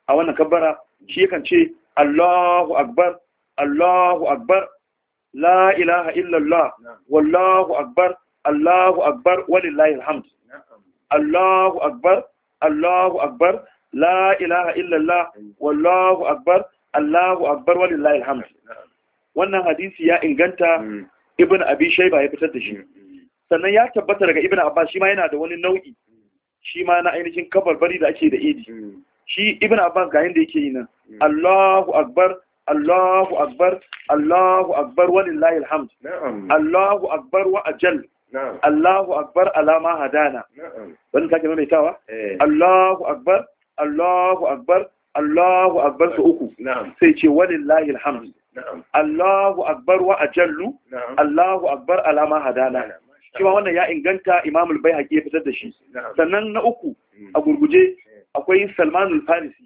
a wannan kabbara shi kan ce Allahu akbar Allahu akbar la ilaha illallah wallahu akbar Allahu akbar walillahi alhamd Allahu akbar Allahu akbar la ilaha illallah wallahu akbar Allahu akbar walillahi alhamd wannan hadisi ya inganta hmm. ibn abi shayba ya fitar da shi sannan ya tabbata daga ibn Abba shi ma yana da wani nau'i shi ma na ainihin bari da ake da idi hmm. shi ibn abbas ga yanda yake yi nan hmm. Allahu akbar Allahu akbar Allahu akbar walillahi alhamd Allahu akbar wa ajal Allahu akbar alama hadana wannan kake maimaitawa eh. Allahu akbar Allahu akbar Allahu akbar su uku sai ce walillahi alhamd Allahu akbar wa ajallu Allahu akbar alama hadana cewa wannan ya inganta imamul bai baihaqi ya fitar da shi sannan na uku hmm. a gurguje akwai salman al-farisi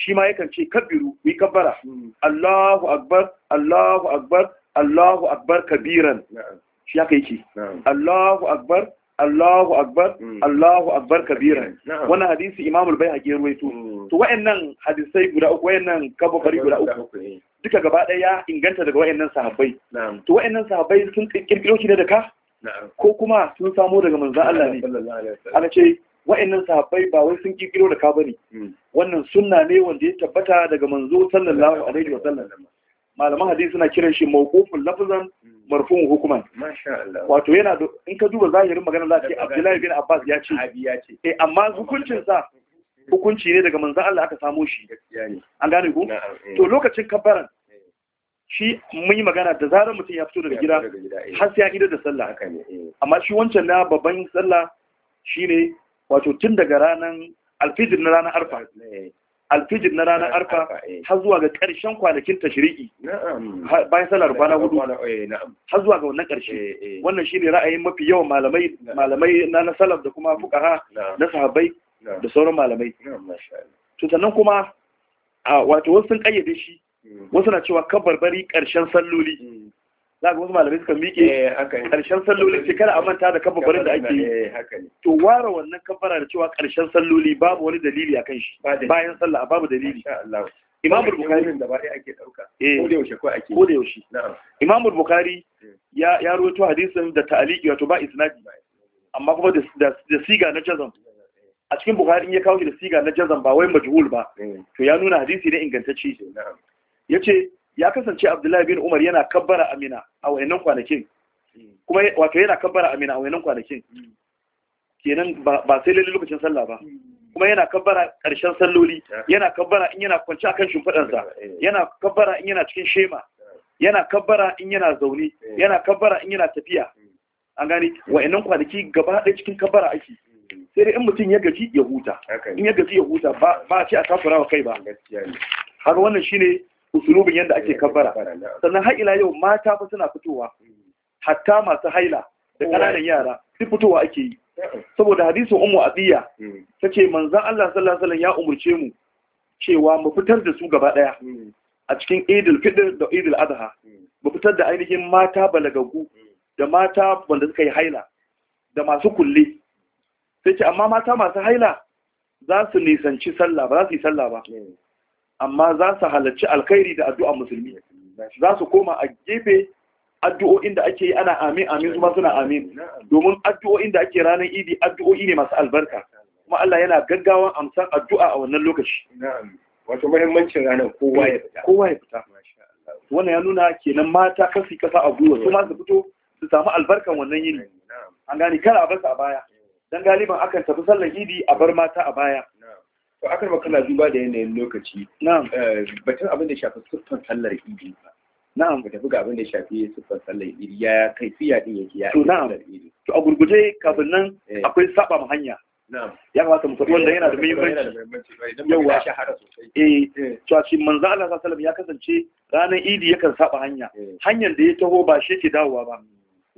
shi ma yakan ce kabiru yi kabbara hmm. allahu akbar allahu akbar allahu akbar kabiran shi haka yake allahu akbar allahu akbar hmm. allahu akbar kabiran wannan hadisi imam al-baihaqi ya ruwaito hmm. to wayannan hadisai guda uku wayannan kabari guda uku duka gaba ɗaya ya inganta daga wayannan sahabbai to wayannan sahabbai sun kirkiro shi ne da ka ko kuma sun samo daga manzon Allah ne ana ce wa'annan sahabbai ba wai sun kirkiro da ka bane hmm. wannan sunna ne wanda ya tabbata daga manzo sallallahu alaihi wa sallam malaman hadisi suna kiran shi mawqufun lafzan marfu hukuman wato yana in ka duba zahirin magana za ce Abdullahi bin Abbas ya ce eh amma hukuncin sa hukunci ne daga manzo Allah aka samo shi an gane ku eh. to lokacin kabaran, shi mun yi magana da zarar mutum ya fito daga gida eh. har sai ya idar da sallah eh. amma shi wancan na babban sallah shine wato tun daga ranar alfijir na ranar arfa eh. alfijir na ranar arfa eh. har zuwa ga ƙarshen kwanakin tashiriki bayan salar bana hudu eh, har zuwa ga wannan ƙarshe wannan shine ra'ayin mafi yawan malamai malamai na nasalar da kuma ha, na sahabbai da sauran malamai to sannan kuma wato wasu sun kayyade shi hmm. wasu na cewa kabarbari ƙarshen salloli hmm. za ga wasu malamai suka miƙe eh, ƙarshen salloli ce kada a manta da kabbabarin da ake yi eh, to ware wannan kafara da cewa ƙarshen salloli babu wani dalili akan shi bayan sallah babu dalili Imamu Bukhari da ake dauka eh. ko da yaushe ko ake ko da yaushe ya ya rawaito hadisin da ta'liqi wato ba isnadi amma kuma da siga na jazan, a cikin bukari ya kawo shi da siga na jazan, ba wai majhul ba to ya nuna hadisi ne ingantacce ce. ya kasance abdullahi bin umar yana kabbara amina a wayannan kwanakin kuma wato yana kabbara amina a wayannan kwanakin kenan ba sai lalle lokacin sallah ba kuma yana kabbara ƙarshen salloli yana kabbara in yana kwanci akan sa yana kabbara in yana cikin shema yana kabbara in yana zaune yana kabbara in yana tafiya an gani wayannan kwanaki gaba ɗaya cikin kabbara ake sai dai in mutum ya gaji ya huta in ya gaji ya huta ba a ce a takura wa kai ba har wannan shine usulubin yadda ake kabbara sannan har ila yau mata fa suna fitowa hatta masu haila da ƙananan yara duk fitowa ake yi saboda hadisin ummu abiya hmm. tace manzon Allah sallallahu alaihi wasallam ya umurce mu cewa mu fitar da su gaba daya hmm. a cikin Idil Fitr da Idil Adha hmm. mu fitar da ainihin mata balagagu da mata wanda suka yi haila da masu kulle sai ce amma mata masu haila za su nisanci sallah ba za su yi sallah ba amma za su halarci alkhairi da addu'a musulmi za su koma a gefe addu'o'in da ake yi ana amin amin kuma suna amin domin addu'o'in da ake ranar idi addu'o'i ne masu albarka kuma Allah yana gaggawa amsan addu'a a wannan lokaci wato muhimmancin ranar kowa ya fita kowa ya fita wannan ya nuna kenan mata kasi kasa a gwiwa su ma su fito su samu albarkan wannan yini an gani kar a bar a baya dan galiban akan tafi sallar idi a bar mata a baya to akar kana duba da yanayin lokaci na'am eh, batun abin da shafi siffar sallar idi na'am ba tafi ga abin da shafi siffar sallar idi ya kai fiya din yake ya to na'am to a gurguje kafin nan eh. akwai saba mu hanya ya kamata mu faɗi wanda yana da muhimmanci yawa eh, eh to a cikin manzo Allah sallallahu ya kasance ranar idi yakan saba hanya hanyar da ya taho ba shi ke dawowa ba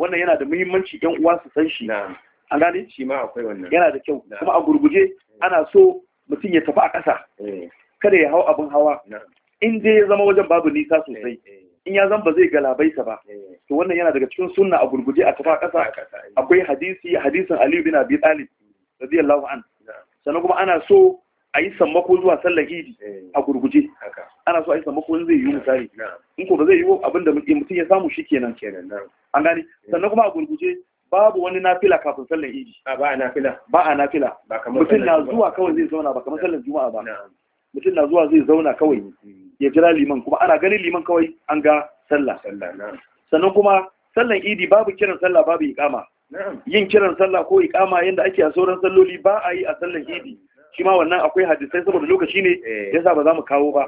wannan yana da muhimmanci yan uwa su san shi an gane shi ma akwai wannan yana da kyau kuma a gurguje ana so mutum ya tafi a ƙasa eh. kada ya hau abin hawa in dai ya zama wajen babu nisa eh, sosai eh. in ya zan ba zai labaisa ba to wannan yana daga cikin sunna a gurguje a tafi a ƙasa akwai hadisi hadisin Aliyu bin Abi Talib radiyallahu an sannan kuma ana so a yi sammako zuwa sallar idi a gurguje ana so a yi sammako zai yi misali in ko ba zai yi abin da mutum ya samu shi kenan an gani sannan kuma a gurguje babu wani nafila kafin sallan idi ba a nafila ba a nafila mutum na zuwa kawai zai zauna ba kamar sallan juma'a ba mutum na zuwa zai zauna kawai ya jira liman kuma ana ganin liman kawai an ga sallah sannan kuma sallan idi babu kiran sallah babu iqama yin kiran sallah ko iqama yanda ake a sauran salloli ba a yi a sallan idi shi ma wannan akwai hadisai saboda lokaci ne eh. yasa ba za mu kawo ba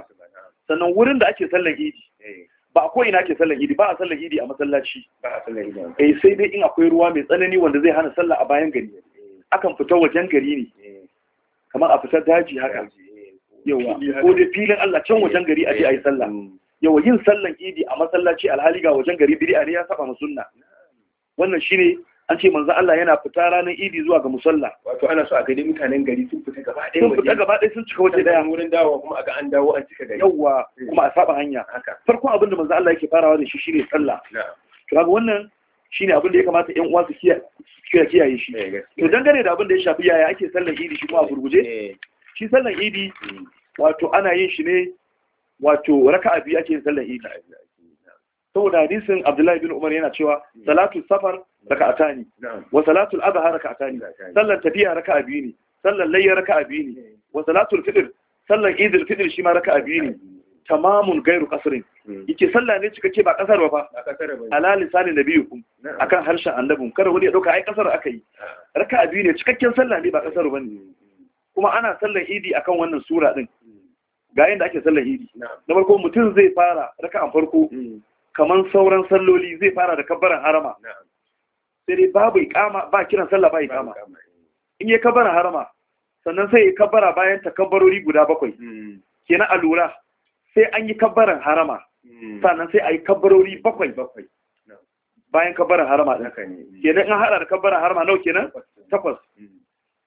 sannan wurin da ake sallan idi eh. ba a ko'ina ke sallar idi ba a sallar idi a masallaci eh sai dai in akwai ruwa mai tsanani wanda zai hana sallah a bayan gari eh. akan fita wajen gari ne eh. kamar a fitar daji haka eh, yawa ko dai filin Allah can wajen gari a je a yi sallah mm. yawa yin sallar idi a masallaci alhali ga wajen gari bid'a ne ya saba ma sunna wannan shine an ce manzo Allah yana fita ranar idi zuwa ga musalla wato ana so a gani mutanen gari sun fita gaba ɗaya sun fita gaba ɗaya sun cika waje daya wurin dawo kuma a ga an dawo an cika gari yawa eh. kuma a saba hanya farkon abin da manzo Allah yake farawa da shi shine sallah to kaga wannan shine abin da ya kamata ƴan uwa su kiyaye shi eh, to dangane da abin da ya shafi yaya ake sallar idi shi kuma a gurguje eh. shi sallar idi hmm. wato ana yin shi ne wato raka'a biyu ake yin sallar idi saboda hadisin Abdullahi bin Umar yana cewa salatu safar raka'ata ne wa salatu al-adha raka'ata ne sallan tafiya raka'a biyu ne sallan layya raka'a biyu ne wa salatu al-fitr sallan Eid al-fitr shi ma raka'a biyu ne tamamun gairu kasrin hmm. yake sallah ne cikakke ba kasar ba fa ala lisanin nabiyukum akan harshen annabin kada wani ya dauka ai kasar aka yi ah. raka'a biyu ne cikakken sallah ne ba kasar ne. Hmm. kuma ana sallan idi akan wannan sura din hmm. ga yanda ake sallan idi na farko mutum zai fara raka'an farko kaman sauran salloli zai fara da kabbaran harama sai dai babu ikama ba kiran sallah ba ikama eh. in yi kabbaran harama sannan sai ya kabbara bayan takabbarori guda bakwai hmm. kenan a lura sai an yi kabbaran harama hmm. sannan sai a yi kabbarori bakwai bakwai bayan kabbaran harama ɗin hmm. kenan in haɗa da kabbaran harama nau kenan takwas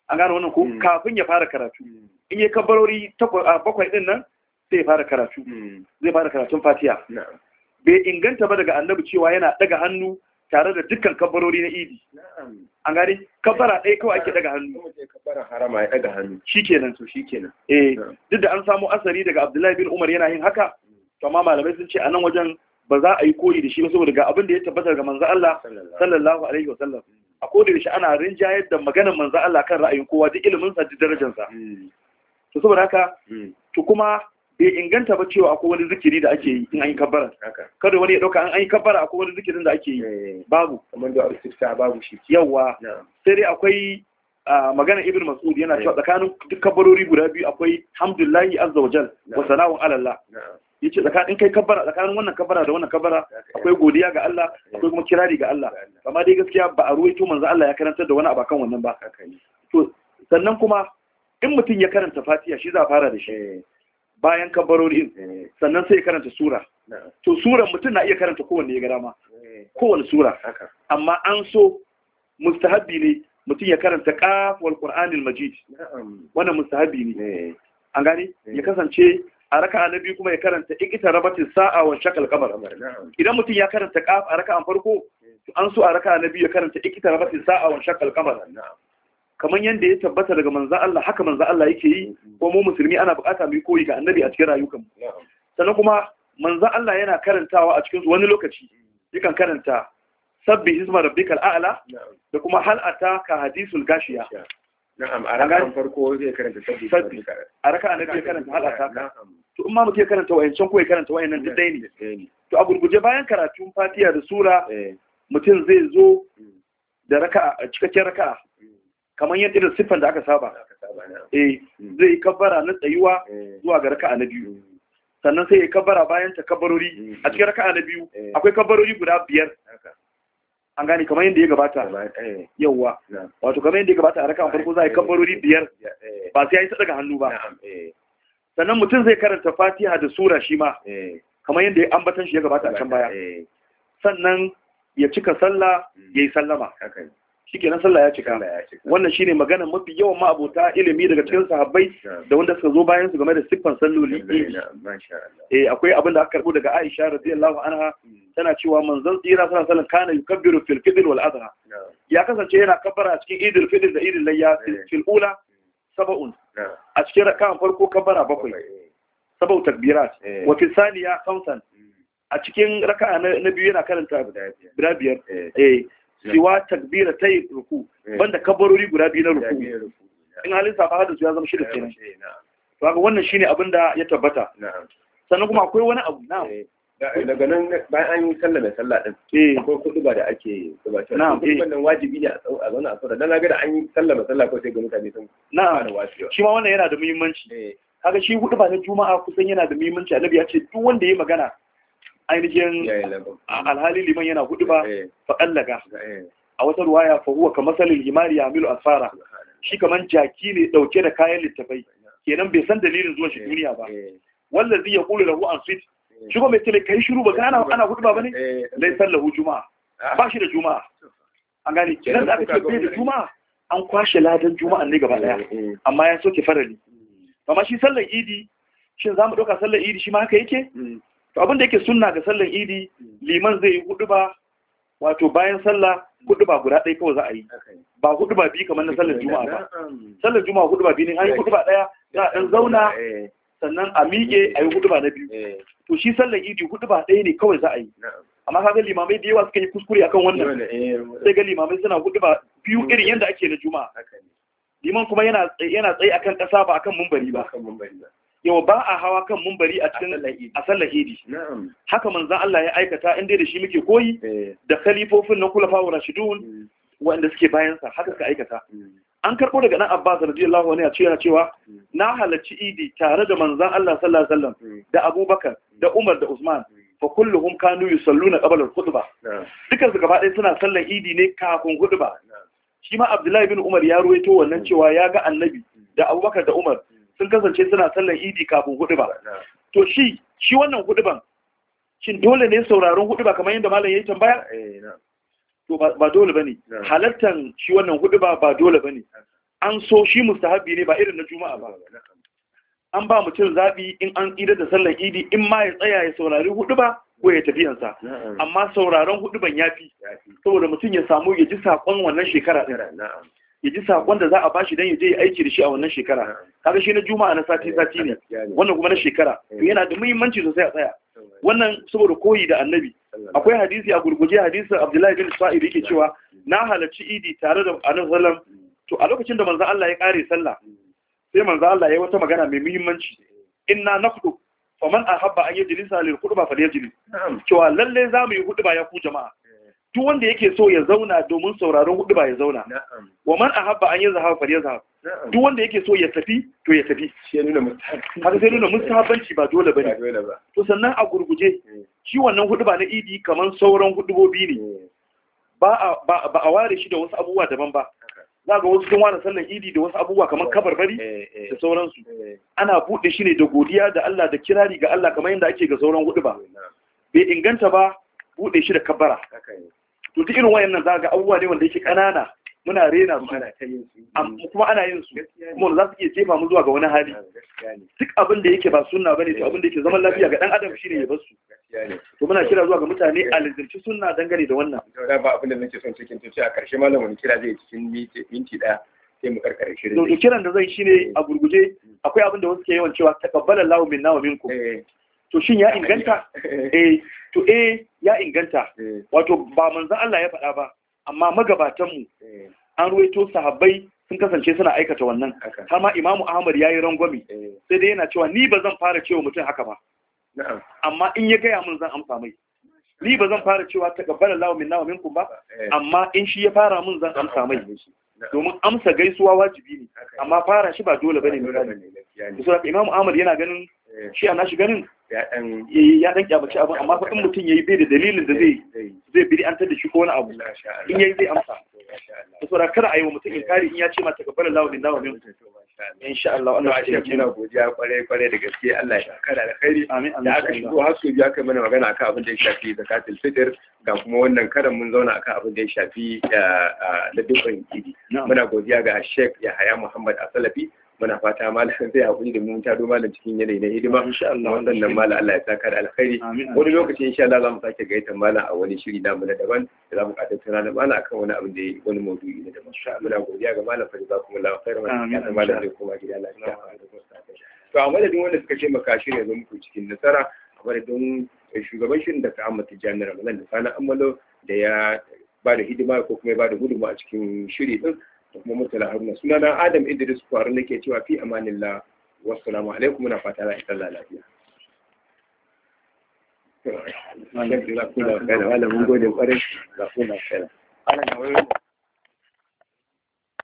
an gano wannan ko kafin ya fara karatu in yi kabbarori bakwai ɗin nan sai ya fara karatu zai fara karatun fatiya bai inganta ba daga annabi cewa yana daga hannu tare da dukkan kabbarori na idi an gani? kabbara ɗaya kawai ake daga hannu kabbara harama ya daga hannu shikenan to shikenan eh duk da an samu asari daga abdullahi bin umar yana yin haka to amma malamai sun ce a nan wajen ba za a yi koyi da shi ba saboda ga abin da ya tabbata daga manzo Allah sallallahu alaihi wasallam a koda da shi ana rinjayar da maganar manzo Allah kan ra'ayin kowa duk ilimin sa duk darajar sa hmm. to saboda haka hmm. to kuma bai inganta ba cewa akwai wani zikiri da ake yi in an yi kabbara kada wani ya dauka an yi kabbara akwai wani zikirin da ake yi eh, eh, eh. babu kamar da istifta babu shi yawa sai dai akwai magana ibn mas'ud yana cewa tsakanin duk kabbarori guda biyu akwai hamdulillahi azza wajal wa sana'un ala Allah yace tsakanin kai kabbara tsakanin wannan kabbara da wannan kabbara akwai godiya ga Allah akwai kuma kirari ga Allah amma dai gaskiya ba a ruwaito manzo Allah ya karantar da wani abakan wannan ba to sannan kuma in mutum ya karanta fatiha shi za a fara da shi bayan kabarorin sannan sai ya karanta sura to sura mutum na iya karanta kowanne ya gara ma eh. kowanne sura amma an so mustahabi ne mutum ya karanta kafuwar wal qur'anil majid wannan mustahabi ne eh. an gane eh. ya kasance a raka na biyu kuma ya karanta ikita rabatin sa'a wa shakal kamar idan mutum ya karanta qaf a raka an farko an so a raka na biyu ya karanta ikita rabatin sa'a wa shakal kamar kamar yadda ya tabbata daga manza Allah haka manza Allah yake yi ko mu musulmi ana bukata mu yi koyi ga annabi a cikin rayukan sannan kuma manza Allah yana karantawa a cikin wani lokaci yakan karanta sabbi isma rabbikal a'la da kuma hal ataka hadisul gashiya na'am a rakan farko zai karanta sabbi a rakan annabi ya karanta hal ataka to in ma mutum ya karanta wayancan ko ya karanta wayannan duk dai ne to a gurguje bayan karatun fatiha da sura eh. mutum zai zo mm. da raka'a cikakken raka'a kamar yadda irin siffan da aka saba eh hmm. zai kabbara na tsayuwa eh. zuwa ga raka'a na biyu hmm. sannan sai ya kabbara bayan ta kabbarori hmm. a cikin raka'a na biyu eh. akwai kabbarori guda biyar an gane kamar yadda ya gabata eh. yawwa wato kamar yadda ya gabata a raka'an farko za a yi kabbarori biyar ba sai ya yi ta daga hannu ba sannan mutum zai karanta fatiha da sura shi ma kamar yadda ya ambatan shi ya gabata a can baya sannan ya cika sallah ya yi sallama shikenan sallah ya cika wannan shine magana mafi yawan ma'abota ilimi daga cikin sahabbai da wanda suka zo bayan su game da siffan salloli eh akwai abin da aka karbo daga Aisha radiyallahu anha hmm. tana cewa manzon tsira sallallahu alaihi kana yukabbiru fil fitr wal adha ya kasance yana kabbara cikin idil fitr da idil layya eh. fil ula sab'un a cikin rakan farko kabbara bakwai eh. sab'u takbirat eh. wa fil thaniya khamsan hmm. a cikin raka'a na biyu yana karanta biyar eh siwa takbira ta yi ruku banda kabarori guda biyu na ruku in halin safa hadis ya zama shida kenan to haka wannan shine abin da ya tabbata sannan kuma akwai wani abu na eh, daga nan bayan an yi sallah da sallah din ko kudu ba da ake gabatar da kuma wannan eh. wajibi ne a zauna a saura dan naga da an yi sallah da sallah ko sai ga mutane sun na'am shi ma wannan yana da muhimmanci eh. kaga shi hudu ba na juma'a kusan yana da muhimmanci annabi ya ce duk wanda ya magana ainihin alhali liman yana hudu ba eh. faɗallaga eh. a wata ruwaya fa kamar ka masalin himari ya milu asfara shi kamar jaki ne dauke da kayan littafai kenan bai san dalilin zuwan shi eh. duniya ba zai ya kula lahu an fit shi kuma ka kai shiru ba kana ana hudu ba ne? lai sallahu juma'a ah. ba shi da juma'a an gane kenan da aka ce bai da juma'a an kwashe ladan juma'a ne gaba daya amma ya soke farali hmm. amma shi sallar idi shin za mu ɗauka sallar idi shi ma haka yake hmm. to abin da yake sunna ga sallan idi liman zai yi hudu ba wato bayan sallah hudu ba guda ɗaya kawai za a yi ba hudu ba biyu kamar na sallar juma'a ba sallar juma'a hudu ba biyu ne an yi hudu ba ɗaya za a ɗan zauna eh. sannan a miƙe a yi hudu ba na biyu eh. to shi sallar idi hudu ba ɗaya ne kawai za a yi amma kaga limamai da yawa suka yi kuskure akan wannan eh, sai ga limamai suna hudu ba biyu irin yadda ake na juma'a liman kuma yana tsaye akan ƙasa ba akan mumbari ba Yau ba a hawa kan mumbari a cikin a sallar idi haka manzan Allah ya aikata inda da shi muke koyi eh. da khalifofin na kula wa rashidun mm. waɗanda suke bayansa haka suka aikata mm. an karɓo daga nan abbas radiyallahu anhu ya ce cewa mm. na halarci idi tare da manzan Allah sallallahu alaihi wasallam da abubakar da umar da usman fa kulluhum kanu yusalluna qabla al-khutbah gaba ɗaya suna sallar idi ne kafin khutba shi ma abdullahi bin umar ya ruwaito wannan cewa ya ga annabi da abubakar da umar sun kasance suna sallar idi kafin hudu ba to shi shi wannan hudu ban dole ne sauraron hudu kamar yadda malam ya yi tambaya eh, to ba dole ba ne halartar shi wannan hudu ba dole ba ne an so shi mustahabi ne ba irin na juma'a ba an ba mutum zaɓi in an idar da sallar idi in ma ya tsaya ya saurari hudu ko ya tafiyansa amma sauraron hudu ya fi saboda mutum ya samu ya ji saƙon wannan shekara ɗin ya ji sakon da za a bashi don ya je ya aiki da shi a wannan shekara kaga shi na juma'a na sati sati ne wannan kuma na shekara to eh. yana da muhimmanci sosai a tsaya wannan saboda koyi da annabi akwai hadisi a gurguje hadisin abdullahi bin sa'id yake cewa na halarci idi tare da annabi sallam to a lokacin da manzo Allah ya kare sallah sai manzo Allah ya yi wata magana mai muhimmanci inna naqdu faman ahabba an yajlisa lil khutba falyajlis cewa lalle za mu yi khutba ya ku jama'a duk wanda yake so ya zauna domin sauraron hudu ba ya zauna wa man ahabba an yi yazhab ya yazhab duk wanda yake so ya tafi to ya tafi haka sai nuna mustahabanci ba dole bane to sannan a gurguje eh. shi wannan hudu ba na idi kaman sauran gobi ne eh. ba a ware shi da wasu abubuwa daban ba za ga wasu sun ware sallan idi da wasu abubuwa kamar oh. bari eh, da sauransu ana buɗe shi ne da godiya da Allah da kirari ga Allah kamar yadda ake ga sauran hudu ba bai inganta ba buɗe shi da kabbara to duk irin wayannan za ga abubuwa ne wanda yake kanana muna rena su kuma ana yin su kuma za su iya jefa mu zuwa ga wani hali duk abin da yake ba sunna bane to abin da yake zaman lafiya ga dan adam shine ya bar su to muna kira zuwa ga mutane a sunna dangane da wannan da ba abin da nake son cikin tafiya a karshe malam wani kira zai cikin minti daya sai mu karkare shirin to kiran da zan shine a gurguje mm. akwai abin da wasu ke yawan cewa taqabbala minna wa minkum eh. to shin ya inganta (laughs) eh to eh ya inganta eh. wato ba manzon Allah ya faɗa ba amma mu eh. an ruwaito sahabbai sun kasance suna aikata wannan har ma imamu ahmad ya yi rangwami eh. sai dai yana cewa ni ba zan fara cewa mutum haka ba amma in ya gaya mun zan amsa mai ni ba zan fara cewa ta gabbala lawa min nawa minkum ba amma in shi ya fara mun zan amsa mai domin amsa gaisuwa wajibi ne amma fara shi ba dole bane ne to imamu ahmad yana ganin shi ana shi ganin ya dan kyabaci abin amma fa in mutum yayi bai da dalilin da zai zai biri an tada shi ko wani abu in yayi zai amsa to saboda kada ayi wa mutum inkari in ya ce ma takabbala lahu bin lahu min insha Allah Allah ya ce muna godiya kware kware da gaske Allah ya kada da khairi amin da aka shigo har su biya kai mana magana akan abin da ya shafi zakatul fitr ga kuma wannan karan mun zauna akan abin da ya shafi da eh, eh, dukkan idi muna godiya ga Sheikh Yahaya Muhammad Asalafi muna fata malam zai hakuri da mun tado malam cikin yanayi na hidima wannan malam Allah ya saka da alkhairi wani lokaci insha Allah za mu sake gaita malam a wani shiri namu na daban da za mu ka tattauna da malam akan wani abin da ya wani maudu'i na daban muna godiya ga malam fa jazakumullahu khairan wa kana malam zai koma gida lafiya to a madadin wanda suka ce maka shirin yanzu muku cikin nasara a madadin shugaban shirin da ta amma tijjani ramadan da sani amalo da ya ba da hidima ko kuma ya ba da gudunmawa a cikin shiri din da kuma mutala haruna suna na adam idris kwarin da ke cewa fi amanillah wasu alaikum muna fata za a isa lafiya Alhamdulillah, kuna